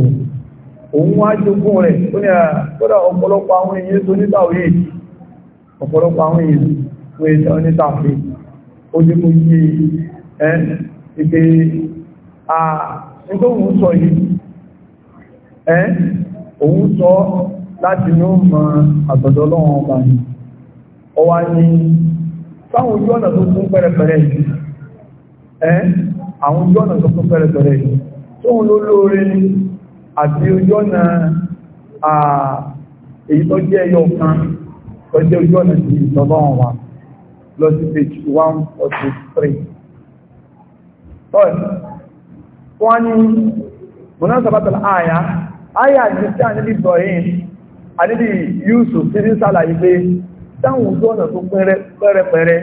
òun wá jogún rẹ̀ ó ní ẹ̀kọ́dọ̀ ọ̀pọ̀lọpọ̀ àwọn èèyàn tó ní tàwíìdì ọ̀pọ̀lọpọ̀ àwọn èèyàn wọ́n èèyàn ní tàwíìdì ojúkú yí ẹ́ ìpè à ń tó ń sọ yìí òun sọ láti ní ó mọ àtọ̀dọ̀ ọlọ́run ọba ni ó wá ní fáwọn ojú ọ̀nà tó kún pẹ́rẹpẹ̀rẹ yìí ẹ́ àwọn ojú ọ̀nà tó kún pẹ́rẹpẹ̀rẹ yìí tóun ló lóore ni àti ojú ọ̀nà èyí tó jẹ́ ẹyọ kan tó jẹ́ ojú ọ̀nà sí ìtọ́lọ́run wa lọ sí page one forty three tọ́ẹ̀ wọ́n ní mọ̀nà sábàtàlá àyà ayà jíṣẹ́ àníbí Ibrahim àníbí Yusuf ti ní sàlàyé pé táwọn ojú ọ̀nà tó pẹ́rẹpẹrẹ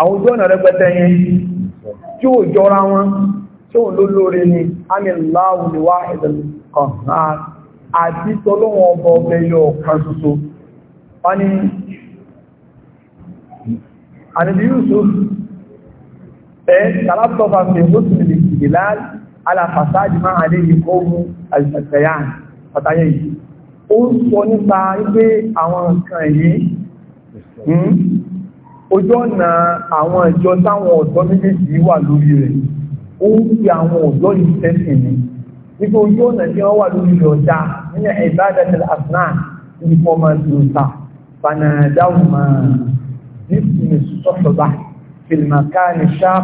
àwọn ojú ọ̀nà rẹpẹtẹ yẹn tí ó jọra wọn tí ó ló lórí ni amìláwù ni wá ẹ̀dẹ̀kan àti tọ́lọ́wọ́n ọba ọbẹ̀ yọ ọ̀kan ṣoṣo wọ́n ni àníbí Yusuf ẹ̀ tàlátọ́fà fi ó sì lè aláfàṣáàdì máa àdé ìkóòmù àìsàtẹ̀yàn pàtàyẹ̀ yìí ó ń sọ nípa wípé àwọn nǹkan yìí hmm, ojú ọ̀nà àwọn ìjọ táwọn ọ̀dọ́ méjèèjì wà lórí rẹ̀ ó ń fi àwọn ọ̀dọ́ yìí tẹ́sì ni wípé ojú ọ̀nà tí wọ́n wà lórí rẹ̀ ọ̀dá nínú ìbádàtàl asnan ní fọ́ọ̀mà lóta fanadáwùmá nípìnlẹ̀ sọ́sọ̀bá fìlmàkáà ní sáà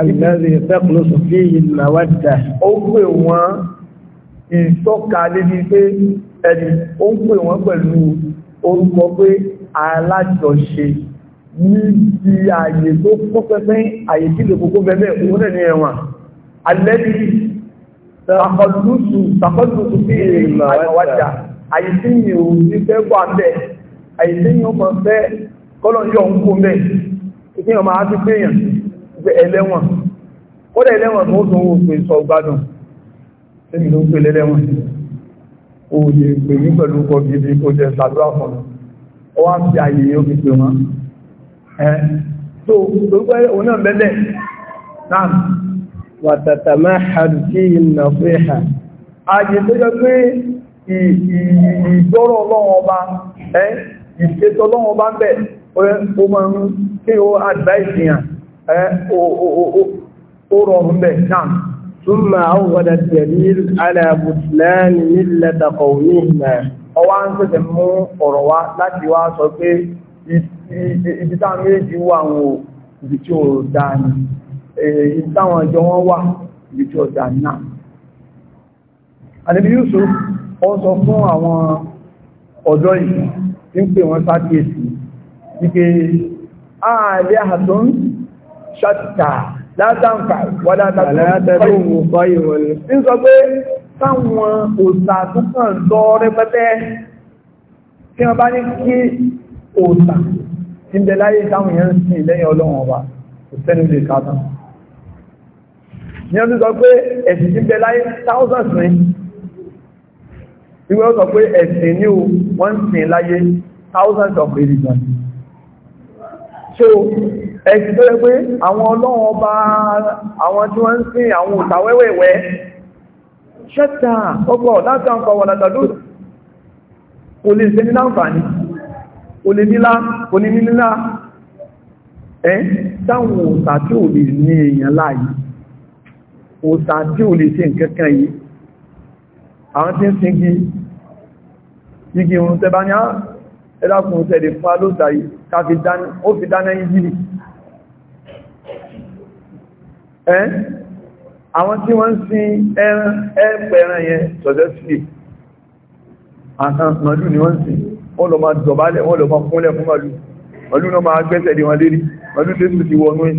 Àgbẹ̀rẹ̀ ìfẹ́kùnlọ́ sọ̀fí ìlàwádà. Ó pè wọ́n ìtọ́ka níbi pé ẹni, ó pè wọ́n pẹ̀lú orúkọ pé alájọṣe níbi ààyè tó kó pẹ́pẹ́ ààyè tí lè kókó bẹ́ẹ̀ òun náà ní ẹ̀wọ̀n. Àlẹ́bí tàkọlùsù tàkọlùsù sí ìlàwádà. Ààyè tí mi ò ní fẹ́ wà bẹ́ẹ̀, ààyè tí mi ò mọ̀ fẹ́ kọ́lọ̀ yọ̀ ń kó bẹ́ẹ̀. Ìfihàn máa fi pé pé ẹlẹ́wọ̀n kódà ẹlẹ́wọ̀n tó tún wò pé sọ gbádùn tẹ́mi ló ń pè lẹ́lẹ́wọ̀n òye pè ní pẹ̀lú kọ gidi kó jẹ ṣàdúrà fún ọ wá fi àyè yóò fi pè wọn ẹ tó gbogbo òun náà bẹ́lẹ̀ náà wàtàtà máa hàdù kí ìnà fún ẹ̀hà ààyè tó jẹ́ pé ìgbọ́rọ̀ ọlọ́run ọba ẹ́ ìṣètò ọlọ́run ọba ń bẹ̀ ó máa ń kí ó advice yàn ó rọrùn bẹ̀ náà. ثم أورد الدليل على بطلان ملة قومهما ọwá ń pèsè mú ọ̀rọ̀ wá láti wá sọ pé méjì wà ní wọn wà ibi tí ó dáa náà Yusuf ó sọ fún àwọn ọ̀dọ́ ṣọ́tà látàǹfà wọ́dátàkùn ń sọ pé táwọn òsà tó kàn lọ rẹpẹtẹ tí wọ́n bá ní kí òsà ti bẹ láyé táwọn èèyàn ń sìn lẹ́yìn ọlọ́run ọba kò sẹ́ni lè ká tán ní ọdún sọ pé ẹ̀sìn ti bẹ láyé thousands ní ìwé ọ̀sọ̀ pé ẹ̀sìn ní o wọ́n ń sìn láyé thousands of religions so ẹ̀sìn tó yẹ pé àwọn ọlọ́run ọba àwọn tí wọ́n ń sìn àwọn òòṣà wẹ́wẹ̀wẹ́ ṣẹ́ta ọgbọ̀ láti àǹfà wà látàdó kò lè ṣe ní láǹfààní kò lè nílá kò ní nílá ẹ́ táwọn òòṣà tí ò lè ní èèyàn láàyè òòṣà tí ò lè ṣe nǹkankan yìí àwọn tí ń sin gi igi ohun tẹba ní á ah, ẹlákùnrin tẹ̀lé fún alóòṣà yìí ká dáná yìí ẹ́ àwọn tí wọ́n ń sin ẹ̀ẹ́pẹ̀ẹ̀rẹ̀ yẹn successfully àkàn màlúù ni wọ́n ń sin wọ́n lọ máa dọ̀bálẹ̀ wọ́n lọ máa kúnlẹ̀ fún màlúù màlúù náà máa gbẹ́sẹ̀ lé wọn lérí màlúù tẹ́sù ti wọnú ẹ̀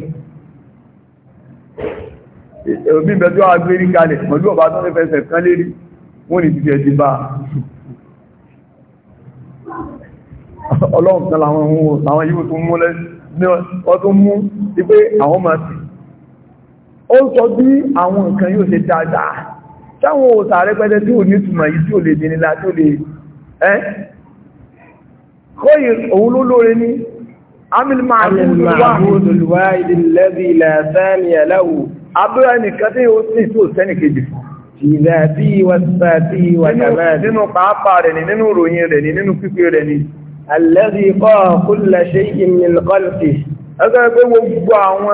òbí bẹ̀tọ́ agbérí kalẹ̀ màlúù ọba tó fẹ́fẹ́sẹ̀ kan lérí wọ́n ni tìtẹ̀ ti bá ọlọ́run kan làwọn yíò tó mú ipé àwọn máa ti ó sọ bí àwọn nǹkan yóò ṣe dáadáa táwọn òsà rẹpẹtẹ tí ò ní túnmọ̀ yìí tí ò lè dínilá tí ò lè ẹ́ kóyì òun ló lóore ní amil ma'amulwa ìdílẹ́bí lẹ́sẹ́ni ẹ̀lẹ́wò abúrẹ́ nìkan tí ni nínú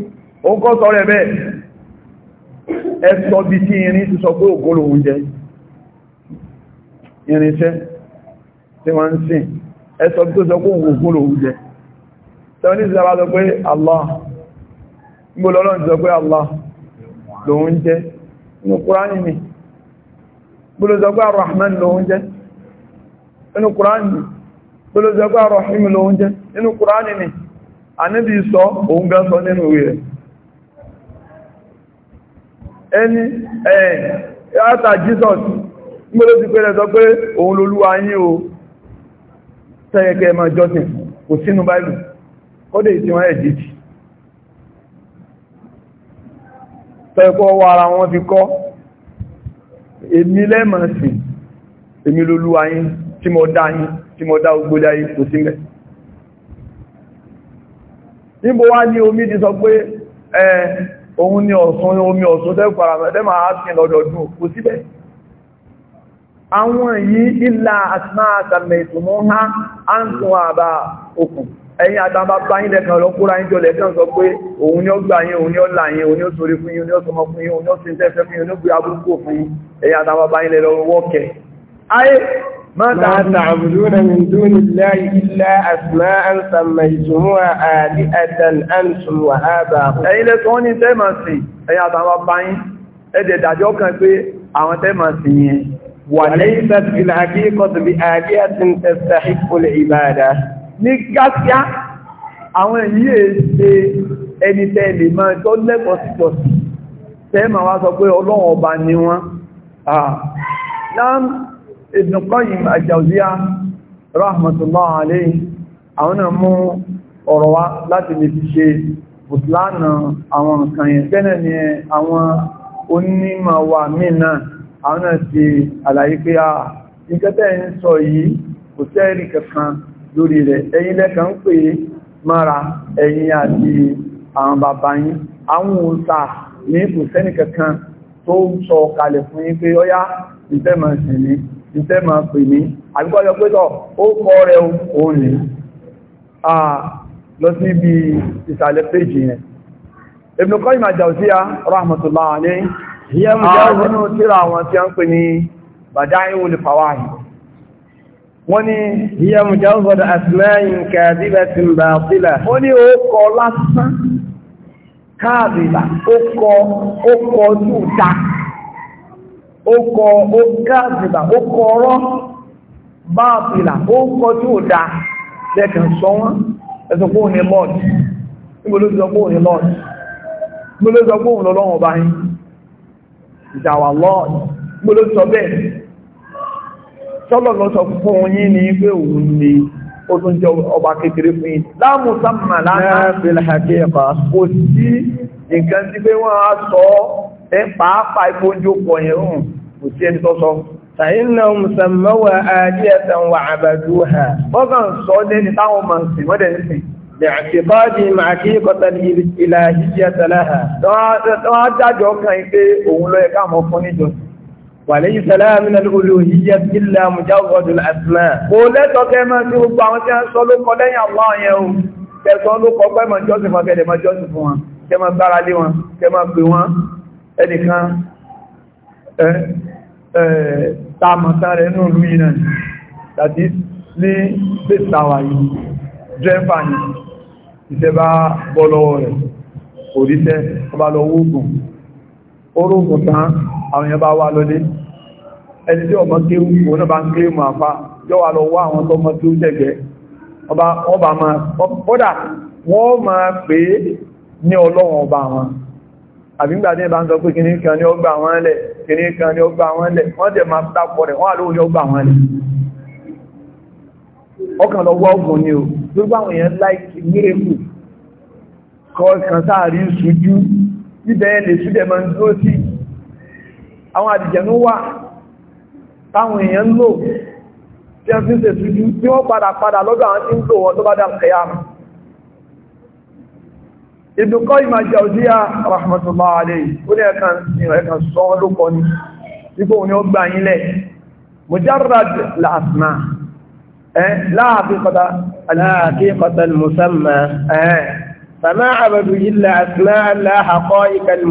ó kọ́ sọ rẹ̀ bẹ́ẹ̀ bí irin ti sọ pé ògólò oúnjẹ irinṣẹ́ tí wọ́n ń sìn sọ bí tó sọ pé ògólò oúnjẹ tẹ́wọ́n ní ìsìnlẹ̀ bá sọ pé Allah gbọ́lọ́lọ́ ti sọ pé Allah lòun jẹ́ inú Kùránì ni gbọ́lọ́ pé Ar-Rahman lòun jẹ́ inú Kùránì ni gbọ́lọ́ sọ Ar-Rahim òun gẹ́ sọ nínú ẹni ẹ̀ after Jesus nígbò ló ti pé rẹ̀ sọ pé òun lolúwa yín o tẹ́yẹkẹ́ ẹmọ jọ́sìn kò sínú báìlù kódé ìtí wọ́n ẹ̀dìtì tẹ́ẹ̀kọ́ wọ ara wọn ti kọ́ èmi lẹ́mọ̀sìn èmi lolúwa yín tí mo dá yín tí mo dá ogbólé ayé kò sí mẹ́ níbo wá ní omi ti sọ pé ẹ̀ òun ni ọ̀sán omi ọ̀sán tẹ́gbàrà mẹ́dẹ́mà ápín lọ́dọọdún kò síbẹ̀. àwọn yìí ilá àtìmá àtàmẹ̀ ha á ń tún àbá okùn ẹ̀yìn àtàbà báyín lẹ́kan lọ́kúra ń jọ lẹ́kan sọ pé òun ni ó gbà yín ni ó ماذا تعبدون من دون الله إلا أسماء سميتموها آلئة أنتم وآباؤكم ẹ̀yin lè tún ní tẹ́mà sí ẹ̀yà àtàwọn báyín ẹ̀dẹ̀ ìdájọ́ kan pé àwọn tẹ́mà sí yẹn وليست في الحقيقة بآلهة تستحق العبادة ní gáṣíá àwọn èyí èṣe ẹni tẹ́lẹ̀ máa tó lẹ́kọ̀ọ́ sí tọ́sí tẹ́mà wá sọ pé ọlọ́run ọba ni wọ́n ah. Ibn Qayyim al-Jawziyya rahmatullahi alayhi àwọn náà mú ọ̀rọ̀ wá láti lè fi ṣe bùtlánà àwọn nǹkan yẹn tẹ́nà ni àwọn onímọ̀ wà míì náà àwọn náà ti àlàyé pé a ah, ìkẹtẹ́ ń sọ yìí kò tẹ́rì kankan lórí rẹ̀ ẹ̀yin lẹ́kàn ń pè mara ẹ̀yin àti àwọn bàbá yín àwọn òǹtà ní kò sẹ́nì kankan tó ń sọ kalẹ̀ fún yín pé ọyá ìfẹ́ mọ̀ ni ìfẹ́ ma pè ní àbíkọ́jọ pẹ́tọ̀ ó kọ́ rẹ̀ òun ní à lọ sí ibi ìsàlẹ̀ péjì yẹn Ibn Qayyim al-Jawziyya rahmatullah alayhi nínú tíra àwọn tí a ń pè ní Bada'iul Fawaid wọ́n ní hiya ó ní ó kọ lásán káàdìbà ó kọ ó gáàzìbà ó kọ ọ̀rọ̀ báàpìlà ó kọ tí ó dá lẹ́kàn sọ wọ́n ẹ̀sọ̀pọ̀ òní lord níbolóṣọpọ̀ òní lord níbolóṣọpọ̀ òní lọ́wọ́ bá yín ìjàwà lord níbolóṣọ bẹ́ẹ̀ tọ́lọ̀lọ́ sọ fún yín ní pé òun ni ó tún jẹ ọba kékeré nǹkan tí pé wọ́n á sọ ẹ pàápàá ìpónjú pọ̀ yẹn kò sí ẹni tó sọ. sàyínà mùsàmáwà àdíyàtà wà àbàdù ha wọ́n kàn sọ lẹ́ni táwọn máa ń sìn wọ́n dẹ̀ ń sìn. bẹ̀rẹ̀tìbọ́dì màkì kọ́tà ìlà ìjìyàtà láha lọ́wọ́ adájọ́ kan yìí pé òun ló yẹ káwọn fún níjọ wàlẹ́yìn sàlámì náà lóòlù yíyá ìlà mùjáwọ́dù àtìmá. kò lẹ́tọ̀ọ́ kẹ́ máa ti gbogbo àwọn tí wọ́n sọ ló kọ lẹ́yìn àwọn yẹn o kẹsàn ló kọ pẹ́ mọ̀ jọ́sìn fún akẹ́dẹ̀ mọ̀ jọ́sìn fún wọn kẹ́ máa gbára lé wọn kẹ́ máa pè wọn ẹnìkan tààmàtà rẹ̀ ní olú iná tàbí ní pèsàwà yìí drẹ́fà ní ìṣẹ́bá bọ́lọ́wọ́ rẹ̀ kò ríṣẹ́ ọba lọ wógùn orógùn tán àwọn èèyàn bá wá lọlé ẹni tí ọmọ kéwú òun bá ń kéwú mọ̀ àfá yọ́ wà lọ àwọn tó mọ́ tí ó jẹ́gẹ́ ọba máa kódà wọ́n máa pè é ní ọlọ́run ọba wọn àbígbà ní ẹbá ń sọ pé kìní kan ní ó gbà wọ́n lẹ̀ kìní kan ní ó gbà wọ́n lẹ̀ wọ́n jẹ máa tapọ̀ rẹ̀ wọ́n àlóò ní ó gbà wọ́n lẹ̀ ọkàn lọ wọ́gùn ni o gbogbo àwọn èèyàn láìkì mírèkù kọ̀ọ̀kan sáàrí ìṣújú ibẹ̀ lè ṣúdẹ̀ máa ń dúró sí àwọn àdìjẹ̀nú wà táwọn èèyàn lò tí wọ́n fi ń ṣèṣújú tí wọ́n padà padà lọ́dọ̀ àwọn tí ń lò wọn Ibn Qayyim al-Jawziyya rahmatullahi alayhi ó ní ẹ̀kan ẹ̀kan sọ lókọ ní ipò ní ó gbà yínlẹ̀ mujarrad al-asma la haqiqata al-haqiqata al-musamma fama abadu illa asma'an la haqa'iqa al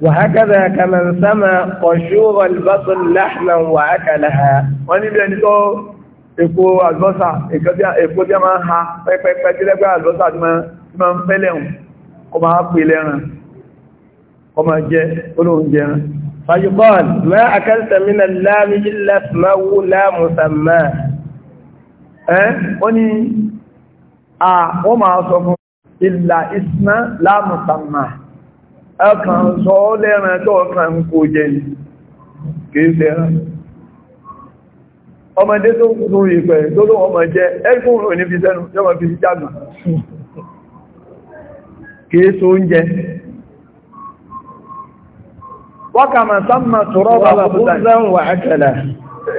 وهكذا كمن سمى قشور البصل لحما وأكلها ونبي أن èpo àlùbọ́sà èpo tí a máa ń ha pẹ́pẹ́pẹ́ tí lẹ́gbẹ́ àlùbọ́sà tí máa ń fẹ́ lẹ́hùn kọ máa pè lẹ́ràn kọ máa jẹ́ olóúnjẹ rán fàyíkọ́ọ̀lù mẹ́ akẹ́sẹ̀mínà láàmì ìlàsìmáwó láàmùsàmá ẹ́ ó ní à ó máa sọ fún ìlà ìsìmá láàmùsàmá ẹkàn sọ lẹ́ran tó ọkàn kò jẹ kìí lẹ́ran ọmọdé tó kúrò ìpẹ̀ tó ló ọmọ jẹ ẹkùn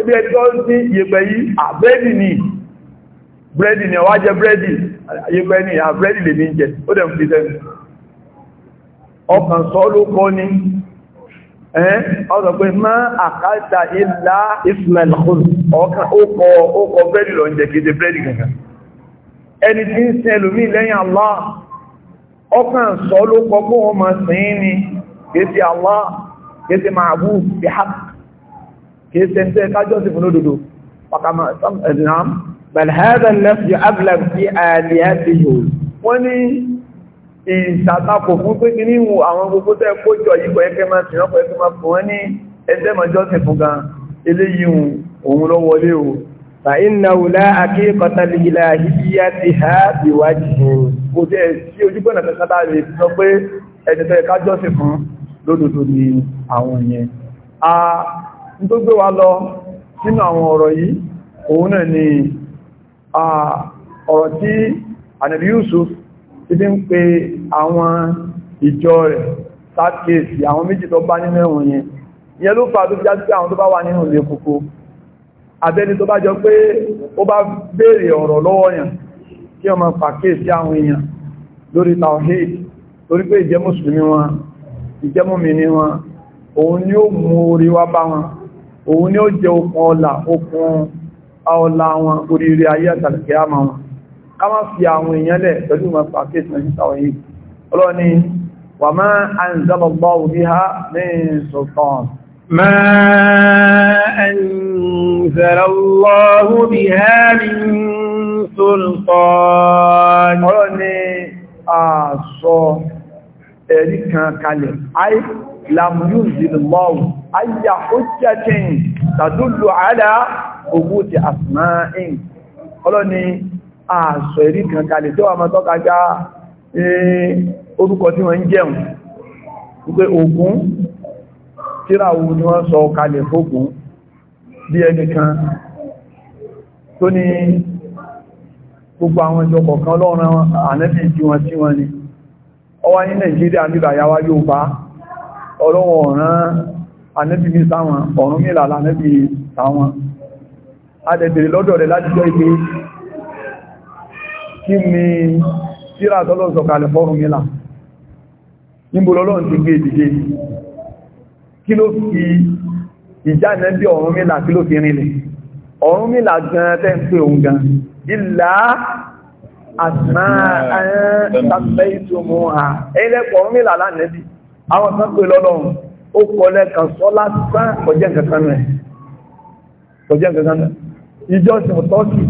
sí jágbà yìí àbẹ́dì ni bírẹ́dì ni ọwá jẹ bírẹ́dì yẹ̀pẹ̀ ni àbẹ́dì lè ní jẹ ó dẹ̀ fi ọkàn sọ ló kọ́ ní ọ̀sọ̀ pé máa àkáta ilá ismail khul ọkàn ókọ̀ bẹ́ẹ̀dì lọ jẹ kéde bẹ́ẹ̀dì kankan ẹni tí ń sin ẹlòmí lẹ́yìn Allah ọkàn sọ ló kọ́ kó wọ́n máa sìn ní kéde Allah kéde màábù bí hap kéde ń tẹ́ kájọ́ sí fún òdodo fi aliyatihi ìṣàtakò fún pé kí ní àwọn gbogbo tẹ́ kójọ yíkọ̀ ẹgbẹ́ máa sì rọ́pọ̀ ẹgbẹ́ máa fún wọn ní ẹgbẹ́ mọ́jọ́ sì fún gan eléyìí òun lọ wọlé o fa iná wùlá akíkọta lìlà ìyá ti ha ìwádìí a lè sọ pé ẹni tẹ́ kájọ́ ni a ń tó ànàbí Yusuf ibi ń pe àwọn ìjọ rẹ̀ sáàkèsì àwọn méjì tó bá nínú ẹ̀wọ̀n yẹn ìyẹn ló fà tó já sí àwọn tó bá wà nínú ilé kòkó abẹ́ni tó bá jọ pé ó bá béèrè ọ̀rọ̀ lọ́wọ́ yẹn kí ọmọ pàkèsì àwọn èèyàn lórí tawhid torí pé ìjẹ́ ni ó mú orí wá bá wọn òun ni ó jẹ okun ọlà okun ọlà wọn oríire ayé àtàlẹ̀kẹ́ ká má fi àwọn èèyàn lẹ̀ pẹ̀lú ma pa kéèsì náà síta wọ̀nyí ọlọ́ni wà máa anzalallahu biha min sultan ma anzalallahu biha min sultan ọlọ́ni àṣọ ẹ̀rí kan kalẹ̀ ayé lamuyuzillahu ayya hujjatin tadullu ala ogun ti asma'in ọlọ́ni àṣọ ẹ̀rí kan kalẹ̀ tí wà máa tọ́ka já orúkọ tí wọ́n ń jẹun wípé Ògún tíráwù ni wọ́n sọ kalẹ̀ fógún bí ẹni kan tó ní gbogbo àwọn ìjọ kọ̀ọ̀kan lọ́rùn ànẹ́bì tí wọ́n tí wọ́n ni ọwá ní kí ni tíra tọ́lọ́ sọ̀kalẹ̀ fọ́rún mílà níbòlọ́lọ́ ti gbé ìdíje kí ló fi ìjáàdẹ̀ bí ọ̀rún mílà kí ló fi rinlẹ̀ ọ̀rún mílà gan tẹ́ ń pè òun gan ìlà àtìmá ẹ̀ẹ́sàfẹ́ ìtumú ha ẹ̀lẹ́pọ̀ ọ̀rún mílà lánẹ́bí àwọn kan pè lọ́lọ́run ó kọlẹ̀ kan sọ lásán kọjẹ́ nǹkan kan rẹ̀ ìjọsìn ọ̀tọ́sìn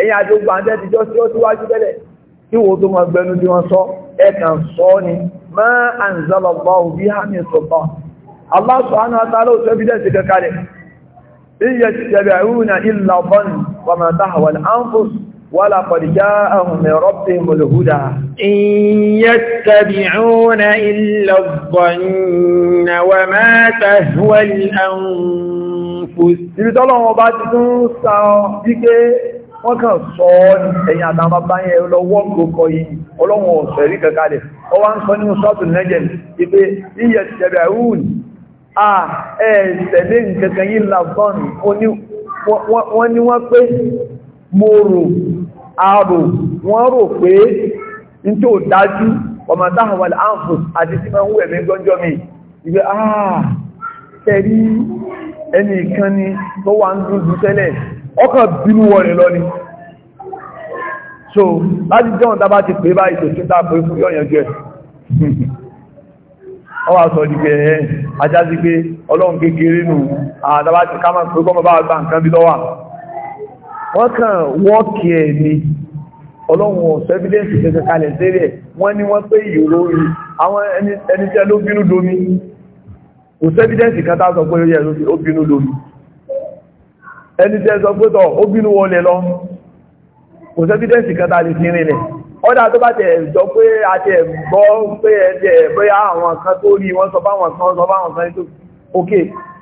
ẹ̀yìn àjò gbàǹdẹ́ ti jọ sí ó síwájú tẹ́lẹ̀ tí wo tó máa gbẹnu bí wọ́n sọ ẹ̀kàn sọ ni ma anzalallahu biha min sultan Allah subhanahu wa ولا قد جاءهم ربهم الهدى إن يتبعون إلا الظن وما تهوى الأنفس Ibi tọ́lọ́wọ́ bá ti tún sáà wípé wọ́n kàn sọ ọ́ ẹ̀yìn àtàwọn bá yẹn lọ́wọ́ gbogbo yìí ọlọ́run ọ̀sẹ̀ rí kẹkàlẹ̀ ọ wá ń sọ ní sọ́tù nẹ́jẹ̀lì ipé yíyẹ ṣẹ̀bẹ̀ rúùn à ẹ̀ẹ̀sẹ̀lẹ̀ nǹkankan yìí làbọ́n wọ́n ní wọ́n pé mo rò àrò wọ́n rò pé n tó dájú ọmọ táwọn àǹfòs àti tí máa ń wẹ̀ mí mi ìgbé àà tẹ̀rí ẹnì kan ni tó wà ń dúdú tẹ́lẹ̀ ọkàn bínú wọ́n lọ ni so láti jọun tàbá ti pè báyìí tó títà pé fún yọ́yànjú ẹ̀ ọwà sọ dìgbẹ̀ ẹ̀ ajá sí pé ọlọ́run kékeré nù àtàbá ti ká máa pé kọ́mọ bá gbà nǹkan bí lọ́wà wọ́n kàn wọ́ọ̀kì ẹ̀ ni ọlọ́run ọ̀sọ́ evidence tẹ́tẹ́ kalẹ̀ sẹ́rẹ̀ wọ́n ní wọ́n pé ìró àwọn ẹni tẹ́ ló bínú domi kò sẹ́vidẹ́ǹsì kan tá sọ pé ó bínú domi ẹni tẹ́ sọ pé tọ́ ó bínú wọlé lọ kò kẹta lè fi rinlẹ̀ ọ́dá tó bá tẹ̀ pé a tẹ̀ gbọ́ pé ẹ̀jẹ̀ bóyá àwọn kan tó rí wọ́n sọ báwọn kan sọ báwọn kan tó ok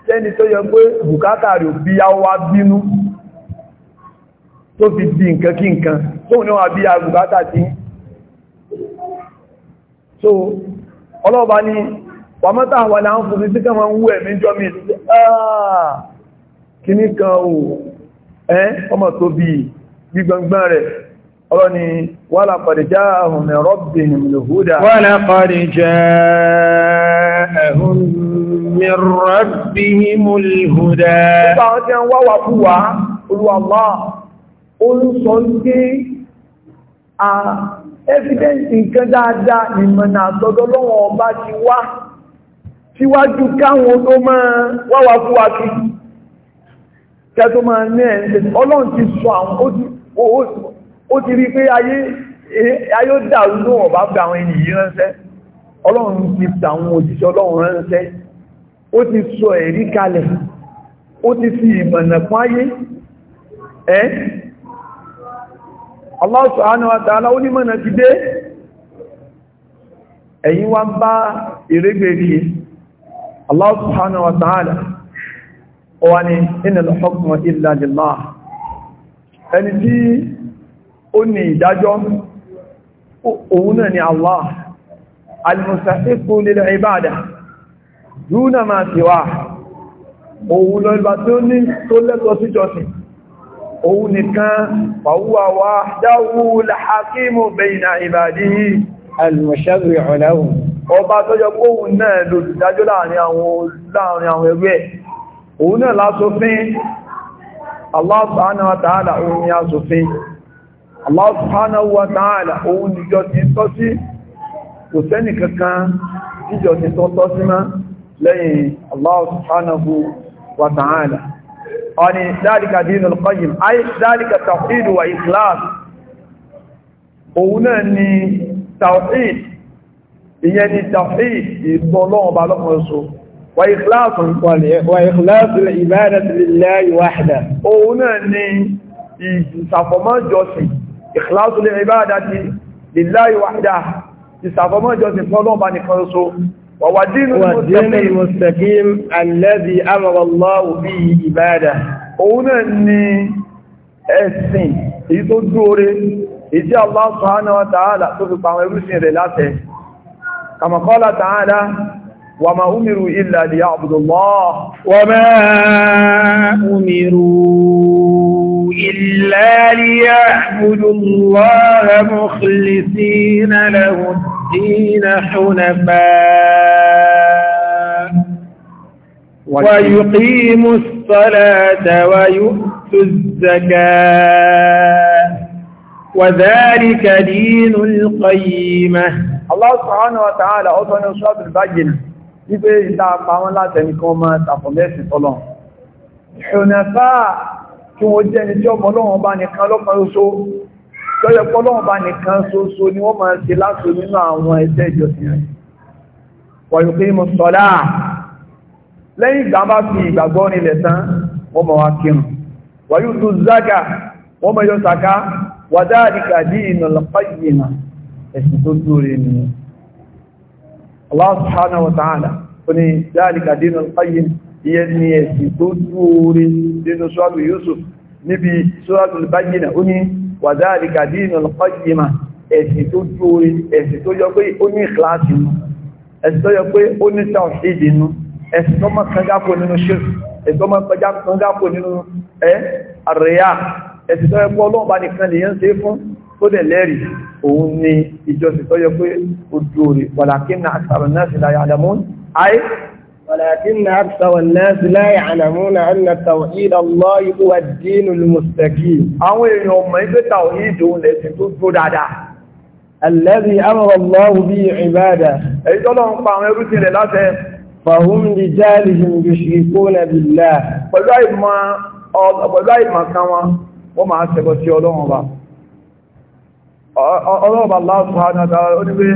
tẹ́ni tó yẹ pé rẹ̀ bí a wá bínú tó fi nǹkan kí nǹkan tó ní wọ́n bí a so ni wàmọ́ta kíní kan ò ẹ́ ọmọ tó bí gbígbọngbọ́n rẹ̀ ọlọ́ni wà lápàdé já ahùn ẹ̀rọ bìnrin lòhúdà wà lápàdé já ahùn mẹ́rọ bìnrin lòhúdà ọ̀pá ọjọ́ wáwà fúwà olúwàlá olùsọ gbé a ẹ́fídẹ́ǹsì nǹkan dáadáa ìmọ̀nà àtọ́dọ́ ọba ti wá síwájú káwọn tó máa wáwà fúwà kìí kẹtọ máa ní ẹ̀ ọlọ́run ti sọ àwọn ó ti rí pé ayé eh, ó dàrú ní ọ̀bá fi àwọn ènìyàn ránṣẹ́ ọlọ́run ti tàwọn òjíṣẹ́ ọlọ́run ránṣẹ́ ó ti sọ ẹ̀rí kalẹ̀ ó ti fi ìmọ̀nà fún ayé ẹ́ Allah subhanahu ó ní mọ̀nà ti dé ẹ̀yin ọwá ni innal hukma illa lillah ẹni tí ó ní ìdájọ́ òun náà ni Allah al-mustahiqqu lil ibadah dúnà máa ti wà òun lọ ìgbà tí ó ní tó lẹ́tọ̀ọ́ sí jọsìn òun nìkan pàwúwà wá hakimu bayna ibadihi al-musharri'u òun náà lásòfin Allah subhanahu wa ta'ala òun ni asòfin Allah subhanahu wa ta'ala òun níjọ ti tọ́ sí kò sẹ́nì kankan níjọ ti tọ́ tọ́ sí máa lẹ́yìn Allah subhanahu wa ta'ala ọni dáríkà dínú al-qayyim وإخلاص وإخلاص العبادة لله وحده أونا ني يسافما جوسي إخلاص العبادة لله وحده يسافما جوسي فلو بني فرسو وودين المستقيم, المستقيم الذي أمر الله به عباده أونا ني أسين يتدوري إذا الله سبحانه وتعالى تفقى ويرسل لله كما قال تعالى وما أمروا إلا ليعبدوا الله وما أمروا إلا ليعبدوا الله مخلصين له الدين حنفاء ويقيموا الصلاة ويؤتوا الزكاة وذلك دين القيمة الله سبحانه وتعالى أطنى صلاة البجل wípé ìta pàwọn látẹnikan máa tàfọ̀mẹ́sì tọ́lọ̀ ṣùnẹ̀fà kí wọ́n jẹ́ ni tí ọmọ ọlọ́run bá nìkan lọ́kan ṣoṣo tọ́yẹ pọ́lọ́run bá nìkan ṣoṣo ni wọ́n máa ṣe láti nínú àwọn ẹgbẹ́ ìjọsìn rẹ̀ wọ̀nyùkú mú sọ́lá lẹ́yìn ìgbà bá fi ìgbàgbọ́ nílẹ̀ tán wọ́n máa wá kírun wọ̀nyù tó zága wọ́n máa yọ sàká wàdáàdìkà dí ìnà lọ́pàá yìí nà ẹ̀sìn tó dúró nìyẹn Allah subhanahu wa ta'ala oní dáàlìkà dínà qayyim iye ní ẹ̀sì tó dúóre nínú ṣọ́lù Yusuf níbi ṣọ́lù bájínà ó ní wà dáàlìkà dínà qayyima ẹ̀sì tó dúóre ẹ̀sì tó yọ pé ó ní ìkláàsì nù ẹ̀sì tó yọ pé ó ní tàwọ̀ṣídì nù ẹ̀sì tó mọ́ kangápò nínú ṣírk ẹ̀sì tó mọ́ kangápò nínú ẹ̀ àríyá ẹ̀sì tó yọ pé ọlọ́ọ̀bá nìkan lè yẹn ṣe fún tó dẹ̀ lẹ́rì òun ni ìjọsìn tó yẹ pé ó dúórí wàlàkínà àtàrà náà sí láyé àdàmún ayé ولكن أكثر الناس لا يعلمون أن توحيد الله هو الدين المستقيم àwọn èèyàn mọ̀ pé tawhid lẹ ti tó tó dáadáa الذي أمر الله به عباده èyí tí Ọlọ́run فهم لجهلهم يشركون بالله pẹ̀lú àìmọ̀ pẹ̀lú àìmọ̀ kan wọn wọ́n máa ṣẹbọ sí Ọlọ́run Ọba ọlọ́ọ̀bà aláàtùhánàtàrà ó ní pé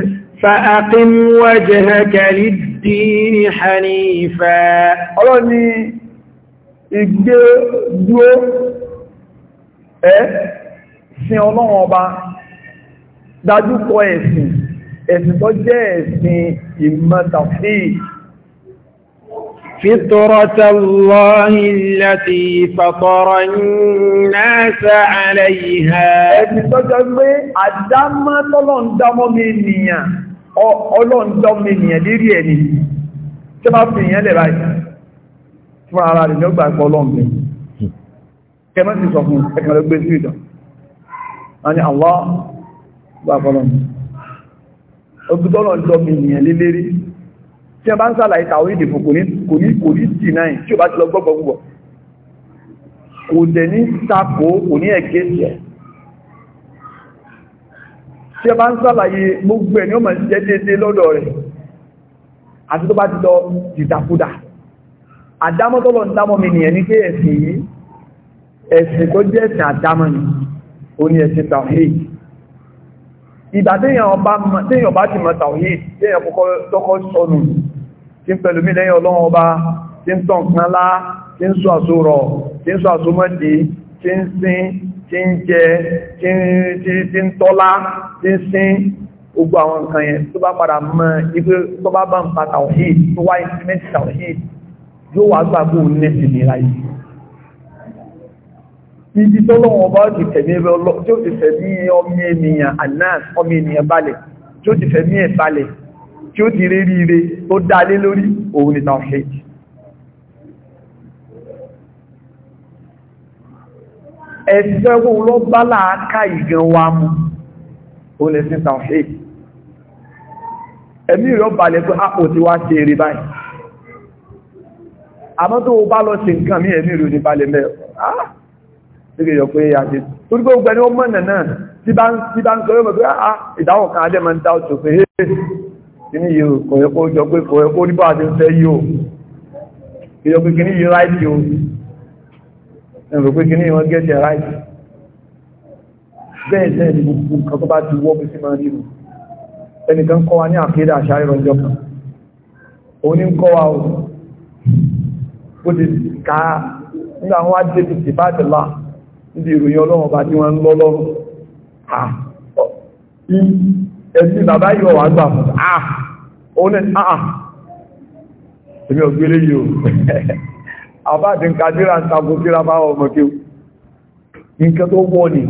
fa'aqim wajhaka lid-dini hanifa ọlọ́ni ìgbé dúó ẹ́ sin ọlọ́run ọba dájúkọ فطرة الله التي فطر الناس عليها ẹni tó jẹ́ pé àdámọ́ tọ́lọ́ndámọ́ mi nìyàn ọlọ́ndámọ́ mi nìyàn lérí ẹni tí máa fi ìyẹn lẹ̀ báyìí fún ara rẹ̀ lọ́gbà ẹ̀kọ́ ọlọ́m̀bẹ̀ kẹmọ́ sí sọ fún ẹkẹ̀lẹ́ gbé sí ìdọ̀ wọ́n Allah gbà ọlọ́m̀bẹ̀ tí a bá ń sàlàyé tàwọn ìdìbò kò ní kò ní kò ní tì náà tí ò bá ti lọ gbọ́gbọ́ gbọ́ kò dẹ̀ ní takò kò ní ẹ̀gẹ́ sí ẹ̀ tí a bá ń sàlàyé gbogbo ẹ̀ ní ọmọ ìṣẹ́ dédé lọ́dọ̀ rẹ̀ àti tó bá ti lọ dìdàkudà àdámọ́tọ́lọ̀ ń dámọ́ mi nìyẹn tí ń pẹ̀lú mí lẹ́yìn ọlọ́run ọba tí ń tàn kan lá tí ń sọ àsúrọ̀ tí ń sọ àsúmọ́dì tí ń sín tí ń jẹ tí ń tọ́lá tí ń sín gbogbo àwọn nǹkan yẹn tó bá padà mọ́ ipé tó bá bá ń pa tàwọ̀hìd tó wá ìsinmẹ́tì tàwọ̀hìd yóò wá gbàgbó tí ó ti rí ríire tó dálé lórí òun ni tawhid ẹ̀sẹ̀wò lọ bá láàká ìgan wa mú òun lẹ́sìn tawhid ẹ̀mí ìrọ̀ balẹ̀ pé àpò ah, tí wá ṣe eré báyìí àmọ́ tó bá lọ ṣe nǹkan mí ẹ̀mí ìrọ̀ ní balẹ̀ mẹ́ ah ṣíkè yọ pé a ṣe torí pé gbẹni ó mọ̀nà náà tí bá ń sọ yóò mọ̀ pé ah, ah ìdáwọ̀ kan adẹ́ máa ń dá ọ̀tọ̀ pé kíní yìí kò yẹ kó jọ pé kò yẹ kó nípa àti fẹ́ yìí o kò yẹ pé kíní yìí ráìtì o ẹ̀rọ pé kíní wọn gẹ́ẹ̀tẹ̀ ráìtì bẹ́ẹ̀ bẹ́ẹ̀ ni gbogbo nǹkan tó bá ti wọ́ bí sí máa nínú ẹnìkan kọ́ wa ní àkéde àṣà ìrọ̀jọ́ kan òun ní ń kọ́ wa o bó ti ka nígbà wọn wá dé ti ti bá ti la níbi ìròyìn ọlọ́run ọba tí wọ́n ń lọ́ lọ́rùn ẹ̀sìn bàbá yọ wà gbà fún ah òun ní ah, ah èmi ọ̀gbẹ́lẹ́ yìí o àbáàdì nǹkan díra ń tako síra bá ọmọ kí o nǹkan tó wọ́ ni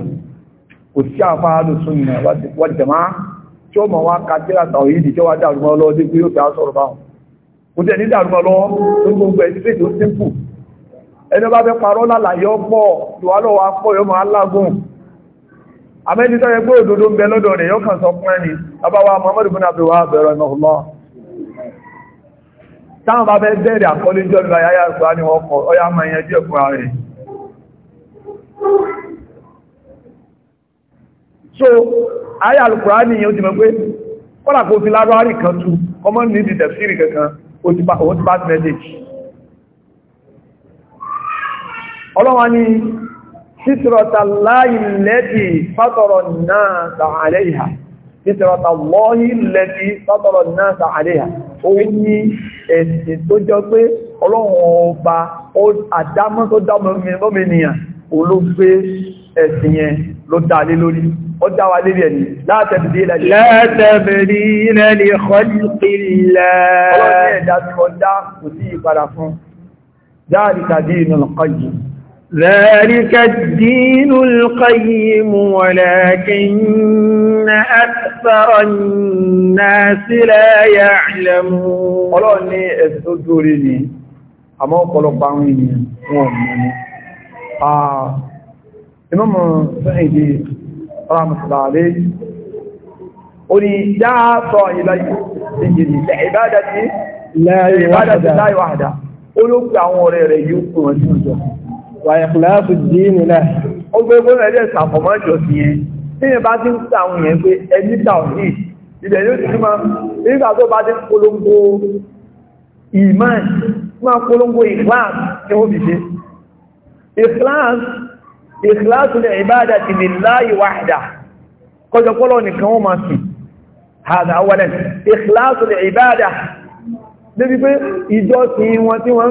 kò sí àfáàlù súnnà wà jẹ̀má tí ó mọ̀ wá ka díra tàwọn yìí tí ó wá dàrúmọ́ lọ sí pé ó fẹ́ sọ̀rọ̀ báwọn kò tẹ̀ ní dàrúmọ́ lọ tó gbogbo ẹ̀ sí ètò símpù ẹni bá fẹ́ parọ́ lálàyé ọ̀pọ̀ ìwálọ́wọ́ akọ́ alágùn àmẹ́ni tó yẹ pé òdodo ń bẹ lọ́dọ̀ rẹ̀ yóò kàn sọ fún ẹni ọbáwá Muhammadu bin Abdul Wahab ìmọ̀húnmọ́ táwọn bá bẹ́ bẹ̀rẹ̀ àkọlé jọ lọ yáyà ní ọkọ̀ ọyá ma díẹ̀ so ayé alùpùrá ní ìyẹn ó ti mọ̀ pé kọ́là kó fi lárọ́rì kan tú ọmọ ní ti tẹ̀sírì fitrata Allahi allati fatara an-nasa 'alayha fitrata Allahi allati fatara an-nasa 'alayha ó ní ẹ̀sìn tó jọ pé ọlọ́run ọba àdámọ́ tó dámọ́ mẹ́nìyàn olóògbé ẹ̀sìn yẹn ló dá lé lórí ó dá wa lérí ẹni la tabdila ذلك الدين القيم ولكن أكثر الناس لا يعلمون Ọlọ́run ní ẹ̀sìn tó dórí ni, àmọ́ ọ̀pọ̀lọpọ̀ àwọn ènìyàn wọn mọ̀ ní. Ìmọ́mọ̀ Sẹ́yìndì Ramsdale, ó ní dáàtọ̀ ìlàyé ìbádàtí láyé wàhádà, ó ló pẹ àwọn ọ̀rẹ́ rẹ̀ yóò fún ọjọ́ ìjọ wà ìkìláàfù dí nílẹ̀ ó gbé gbóná ẹ̀dẹ̀ sàfọ̀mọ́ ìjọsìn yẹn tí yẹn bá ti ń ta àwọn yẹn pé ẹni ta ò ní ìdẹ̀ yóò ti máa nígbà tó bá ti polongo ìmán máa polongo ìkìláàfù tí wọ́n fi ṣe ìkìláàfù هذا أولا إخلاص العبادة débi pé ìjọsìn wọn tí wọ́n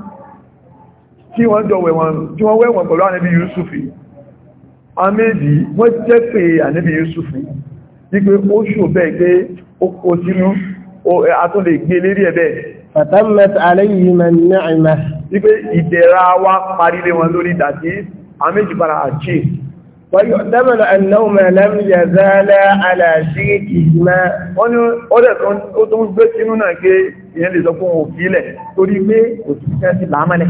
tí wọ́n jọ wẹ̀wọ̀n pẹ̀lú ànábì Yusufi àmẹ́jì wọ́n jẹ́ pé ànábì Yusufi wípé ó ṣò bẹ́ẹ̀ pé ó kó sínú àtún lè gbé lérí ẹ̀bẹ̀ fatammat alayhim an-ni'mah wípé ìdẹ̀ra wá parílé wọn lórí dàtí àmẹ́jì para àjẹ́ ويؤتمن أنهما لم يزالا على شركهما wọ́n ni ọdẹ̀ tó ń gbé sínú náà gé ìyẹn lè sọ fún òfin ilẹ̀ torí pé òṣìṣẹ́ ti lámọ́lẹ̀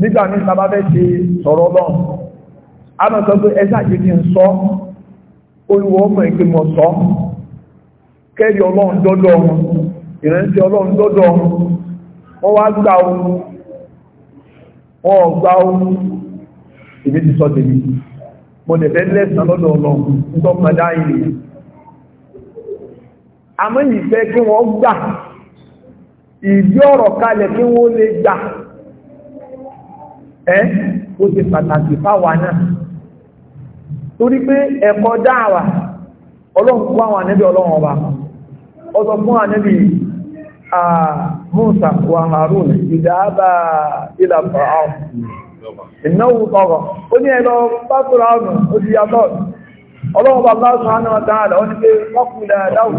nígbà ní sábà ṣe sọ̀rọ̀ ọlọ́run a máa sọ pé ẹsẹ́ àjèjì ń sọ olùwọ́ ọmọ sọ kẹ́rì ọlọ́run dọ́dọ̀ ọ̀run ìrẹsẹ̀ ọlọ́run dọ́dọ̀ ọ̀run wọ́n wá gbà ó wọ́n gbà ti sọ tèmi mo fẹ́ lẹ́sàn lọ́dọ̀ ọlọ́run nítorí ọmọ kí wọ́n gbà ìdí ọ̀rọ̀ kalẹ̀ kí wọ́n lè ẹ́ ó ti pàtàkì fáwa náà torí pé ẹ̀kọ́ dáàwà ọlọ́run kó àwọn ànẹ́bí ọlọ́run ọba ó fún ànẹ́bí Musa wa Harun ìdáàbà ilà Fáráò ìnáwó tọrọ ó ní ẹ̀lọ pàtàkì ọ̀nà ó ti yàtọ̀ ọlọ́run bá bá sọ́nà dáadáa ó ní pé wọ́kùnlẹ̀ dáwùn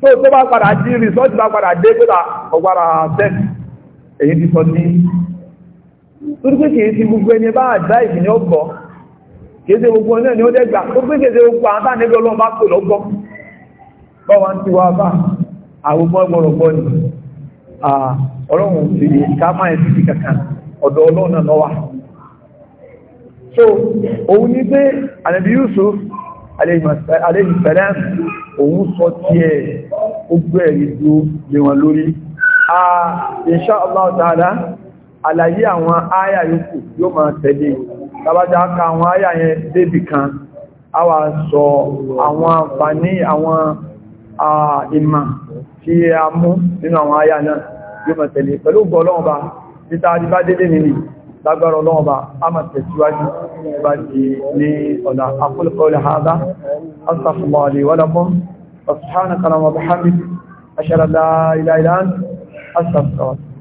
tó tó bá padà dí rìsọ́ọ̀tì bá padà dé pẹ́ta ọgbàrà tẹ́ẹ̀tì èyí ti sọ ní kìí gbogbo ẹni bá ọgbọ́ kìí gbogbo ẹni ó dẹ́gbà kìí gbogbo àwọn ọlọ́run bá lọ́gbọ́ bá ń ti wá bá ni ọlọ́run ti ká máa ẹ̀ kankan ọ̀dọ̀ ọlọ́run náà lọ́wà so òun pé Yusuf òun sọ tí ẹ̀ gbogbo ẹ̀rí tó lè wọn lórí a insha Allah ta'ala àlàyé àwọn áyà yòókù yóò máa tẹ̀lé tàbájá ká àwọn áyà yẹn débì kan a wà sọ àwọn àǹfààní àwọn ìmà tí a mú nínú àwọn áyà náà yóò máa tẹ̀lé pẹ̀lú gbọ́lọ́ọ̀bá títà àdíbádélé nìyí lágbára ọlọ́ọ̀bá a máa tẹ̀síwájú bá di ní ọ̀nà àkúlùkọ́lù haza asàfùmọ̀lì wọ́dàmọ́ ọ̀sán kalamọ̀ mohamed aṣẹ́rẹ̀dá ilẹ̀ ìlànà asàfùmọ̀lì